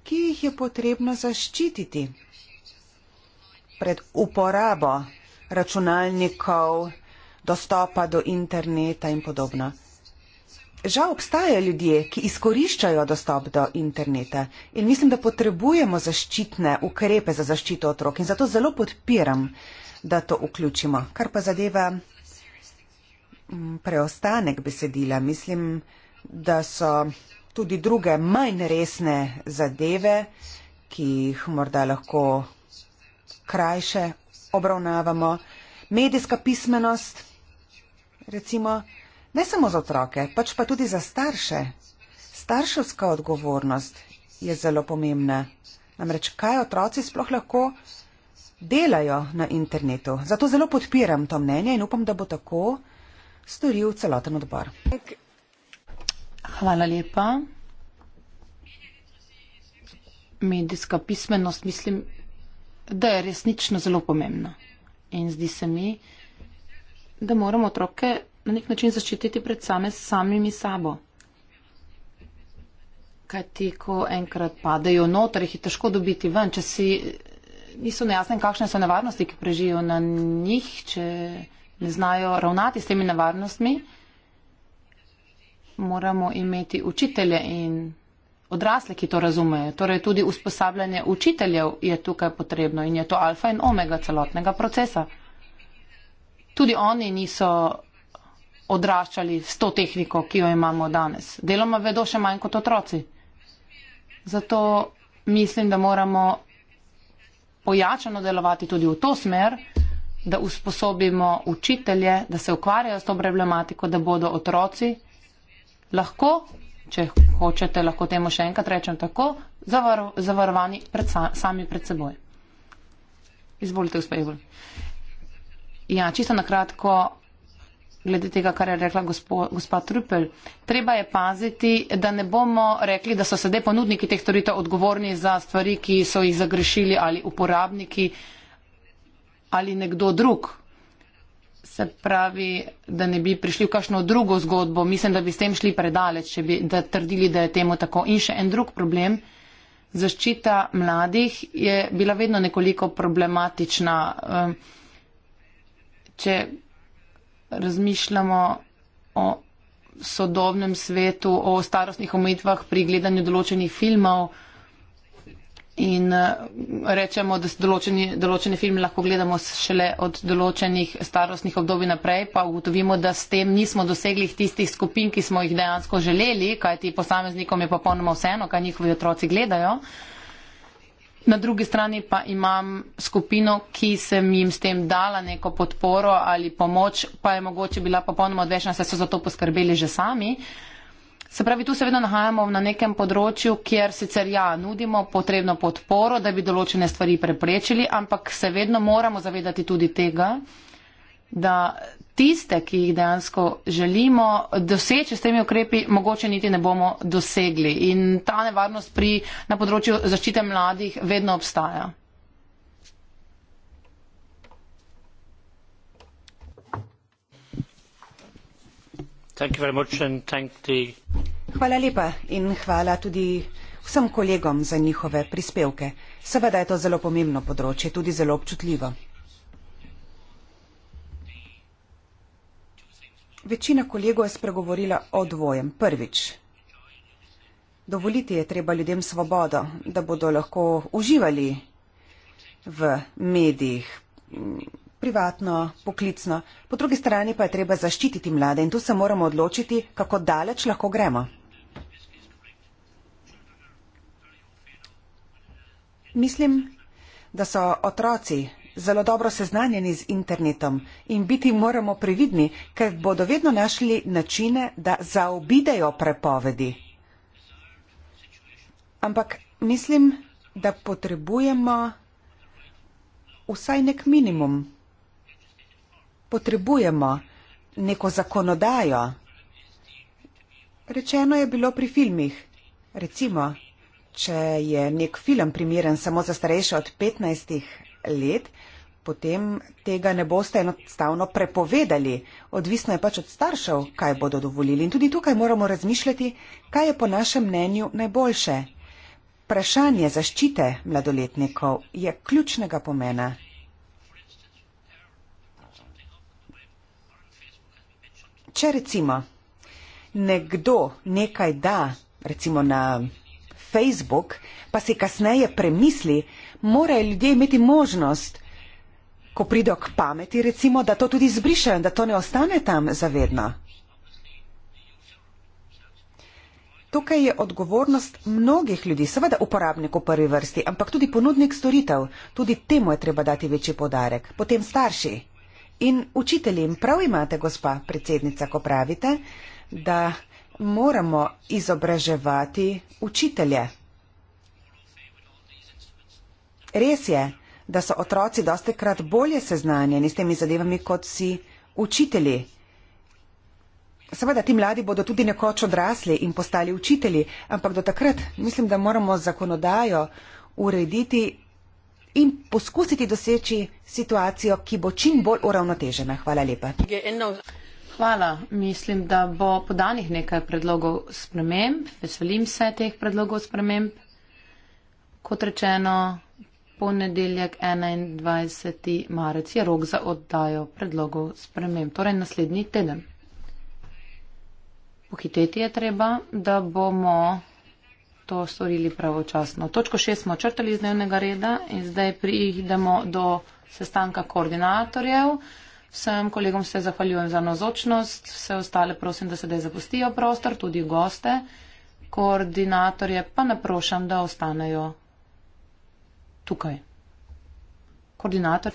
ki jih je potrebno zaščititi pred uporabo računalnikov, dostopa do interneta in podobno. Žal obstajajo ljudje, ki izkoriščajo dostop do interneta in mislim, da potrebujemo zaščitne ukrepe za zaščito otrok in zato zelo podpiram uh, da to vključimo. Kar pa zadeva mm, preostanek besedila, mislim, da so tudi druge manj resne zadeve, ki jih morda lahko krajše obravnavamo. Medijska pismenost, recimo, ne samo za otroke, pač pa tudi za starše. Starševska odgovornost je zelo pomembna. Namreč, kaj otroci sploh lahko delajo na internetu. Zato zelo podpiram to mnenje in upam, da bo tako storil celoten odbor. Hvala lepa. Medijska pismenost mislim, da je resnično zelo pomembna. In zdi se mi, da moramo otroke na nek način zaščititi pred same samimi sabo. Kaj ti, ko enkrat padejo noter, jih je težko dobiti ven. Če si niso nejasne, kakšne so nevarnosti, ki prežijo na njih, če ne znajo ravnati s temi nevarnostmi, moramo imeti učitelje in odrasle, ki to razumejo. Torej tudi usposabljanje učiteljev je tukaj potrebno in je to alfa in omega celotnega procesa. Tudi oni niso odraščali s to tehniko, ki jo imamo danes. Deloma vedo še manj kot otroci. Zato mislim, da moramo pojačano delovati tudi v to smer, da usposobimo učitelje, da se ukvarjajo s to problematiko, da bodo otroci lahko, če hočete, lahko temu še enkrat rečem tako, zavar zavarovani pred sa sami pred seboj. Izvolite, gospod Jevol. Ja, čisto na kratko, glede tega, kar je rekla gospo, gospa Trupel. Treba je paziti, da ne bomo rekli, da so sedaj ponudniki teh storitev odgovorni za stvari, ki so jih zagrešili ali uporabniki ali nekdo drug. Se pravi, da ne bi prišli v kakšno drugo zgodbo. Mislim, da bi s tem šli predaleč, če bi da trdili, da je temu tako. In še en drug problem. Zaščita mladih je bila vedno nekoliko problematična. Ehm, če razmišljamo o sodobnem svetu, o starostnih omejitvah pri gledanju določenih filmov in eh, rečemo, da določeni, določeni film lahko gledamo šele od določenih starostnih obdobij naprej, pa ugotovimo, da s tem nismo dosegli tistih skupin, ki smo jih dejansko želeli, kajti posameznikom je popolnoma vseeno, kaj njihovi otroci gledajo. Uh, na drugi strani pa imam skupino, ki sem jim s tem dala neko podporo ali pomoč, pa je mogoče bila popolnoma odvečna, saj so za to poskrbeli že sami. Se pravi, tu seveda nahajamo na nekem področju, kjer sicer ja, nudimo potrebno podporo, da bi določene stvari preprečili, ampak se vedno moramo zavedati tudi tega, da tiste, ki jih dejansko želimo doseči s temi ukrepi, mogoče niti ne bomo dosegli. In ta nevarnost pri, na področju zaščite mladih vedno obstaja. Hvala lepa in hvala tudi vsem kolegom za njihove prispevke. Seveda je to zelo pomembno področje, tudi zelo občutljivo. Večina kolegov je spregovorila o dvojem. Prvič, dovoliti je treba ljudem svobodo, da bodo lahko uživali v medijih, privatno, poklicno. Po drugi strani pa je treba zaščititi mlade in tu se moramo odločiti, kako daleč lahko gremo. Mislim, da so otroci zelo dobro seznanjeni z internetom in biti moramo previdni, ker bodo vedno našli načine, da zaobidejo prepovedi. Ampak mislim, da potrebujemo vsaj nek minimum. Potrebujemo neko zakonodajo. Rečeno je bilo pri filmih. Recimo, če je nek film primeren samo za starejše od 15 let, potem tega ne boste enostavno prepovedali. Odvisno je pač od staršev, kaj bodo dovolili. In tudi tukaj moramo razmišljati, kaj je po našem mnenju najboljše. Vprašanje zaščite mladoletnikov je ključnega pomena. Če recimo nekdo nekaj da, recimo na Facebook, pa si kasneje premisli, morajo ljudje imeti možnost, ko pridejo k pameti, recimo, da to tudi zbrišajo in da to ne ostane tam zavedno. Tukaj je odgovornost mnogih ljudi, seveda uporabnik v prvi vrsti, ampak tudi ponudnik storitev. Tudi temu je treba dati večji podarek. Potem starši in učitelji. In prav imate, gospa predsednica, ko pravite, da moramo izobraževati učitelje. Res je, da so otroci dosti krat bolje seznanjeni s temi zadevami, kot si učitelji. Seveda, ti mladi bodo tudi nekoč odrasli in postali učitelji, ampak do takrat mislim, da moramo zakonodajo urediti in poskusiti doseči situacijo, ki bo čim bolj uravnotežena. Hvala lepa. Hvala. Mislim, da bo podanih nekaj predlogov sprememb. Veselim se teh predlogov sprememb. Kot rečeno, ponedeljek 21. marec je rok za oddajo predlogov sprememb, torej naslednji teden. Pohiteti je treba, da bomo to storili pravočasno. Točko 6 smo črtali iz dnevnega reda in zdaj prihdemo do sestanka koordinatorjev. Vsem kolegom se zahvaljujem za nazočnost, vse ostale prosim, da sedaj zapustijo prostor, tudi goste. Koordinatorje pa naprošam, da ostanejo tukaj. Koordinator.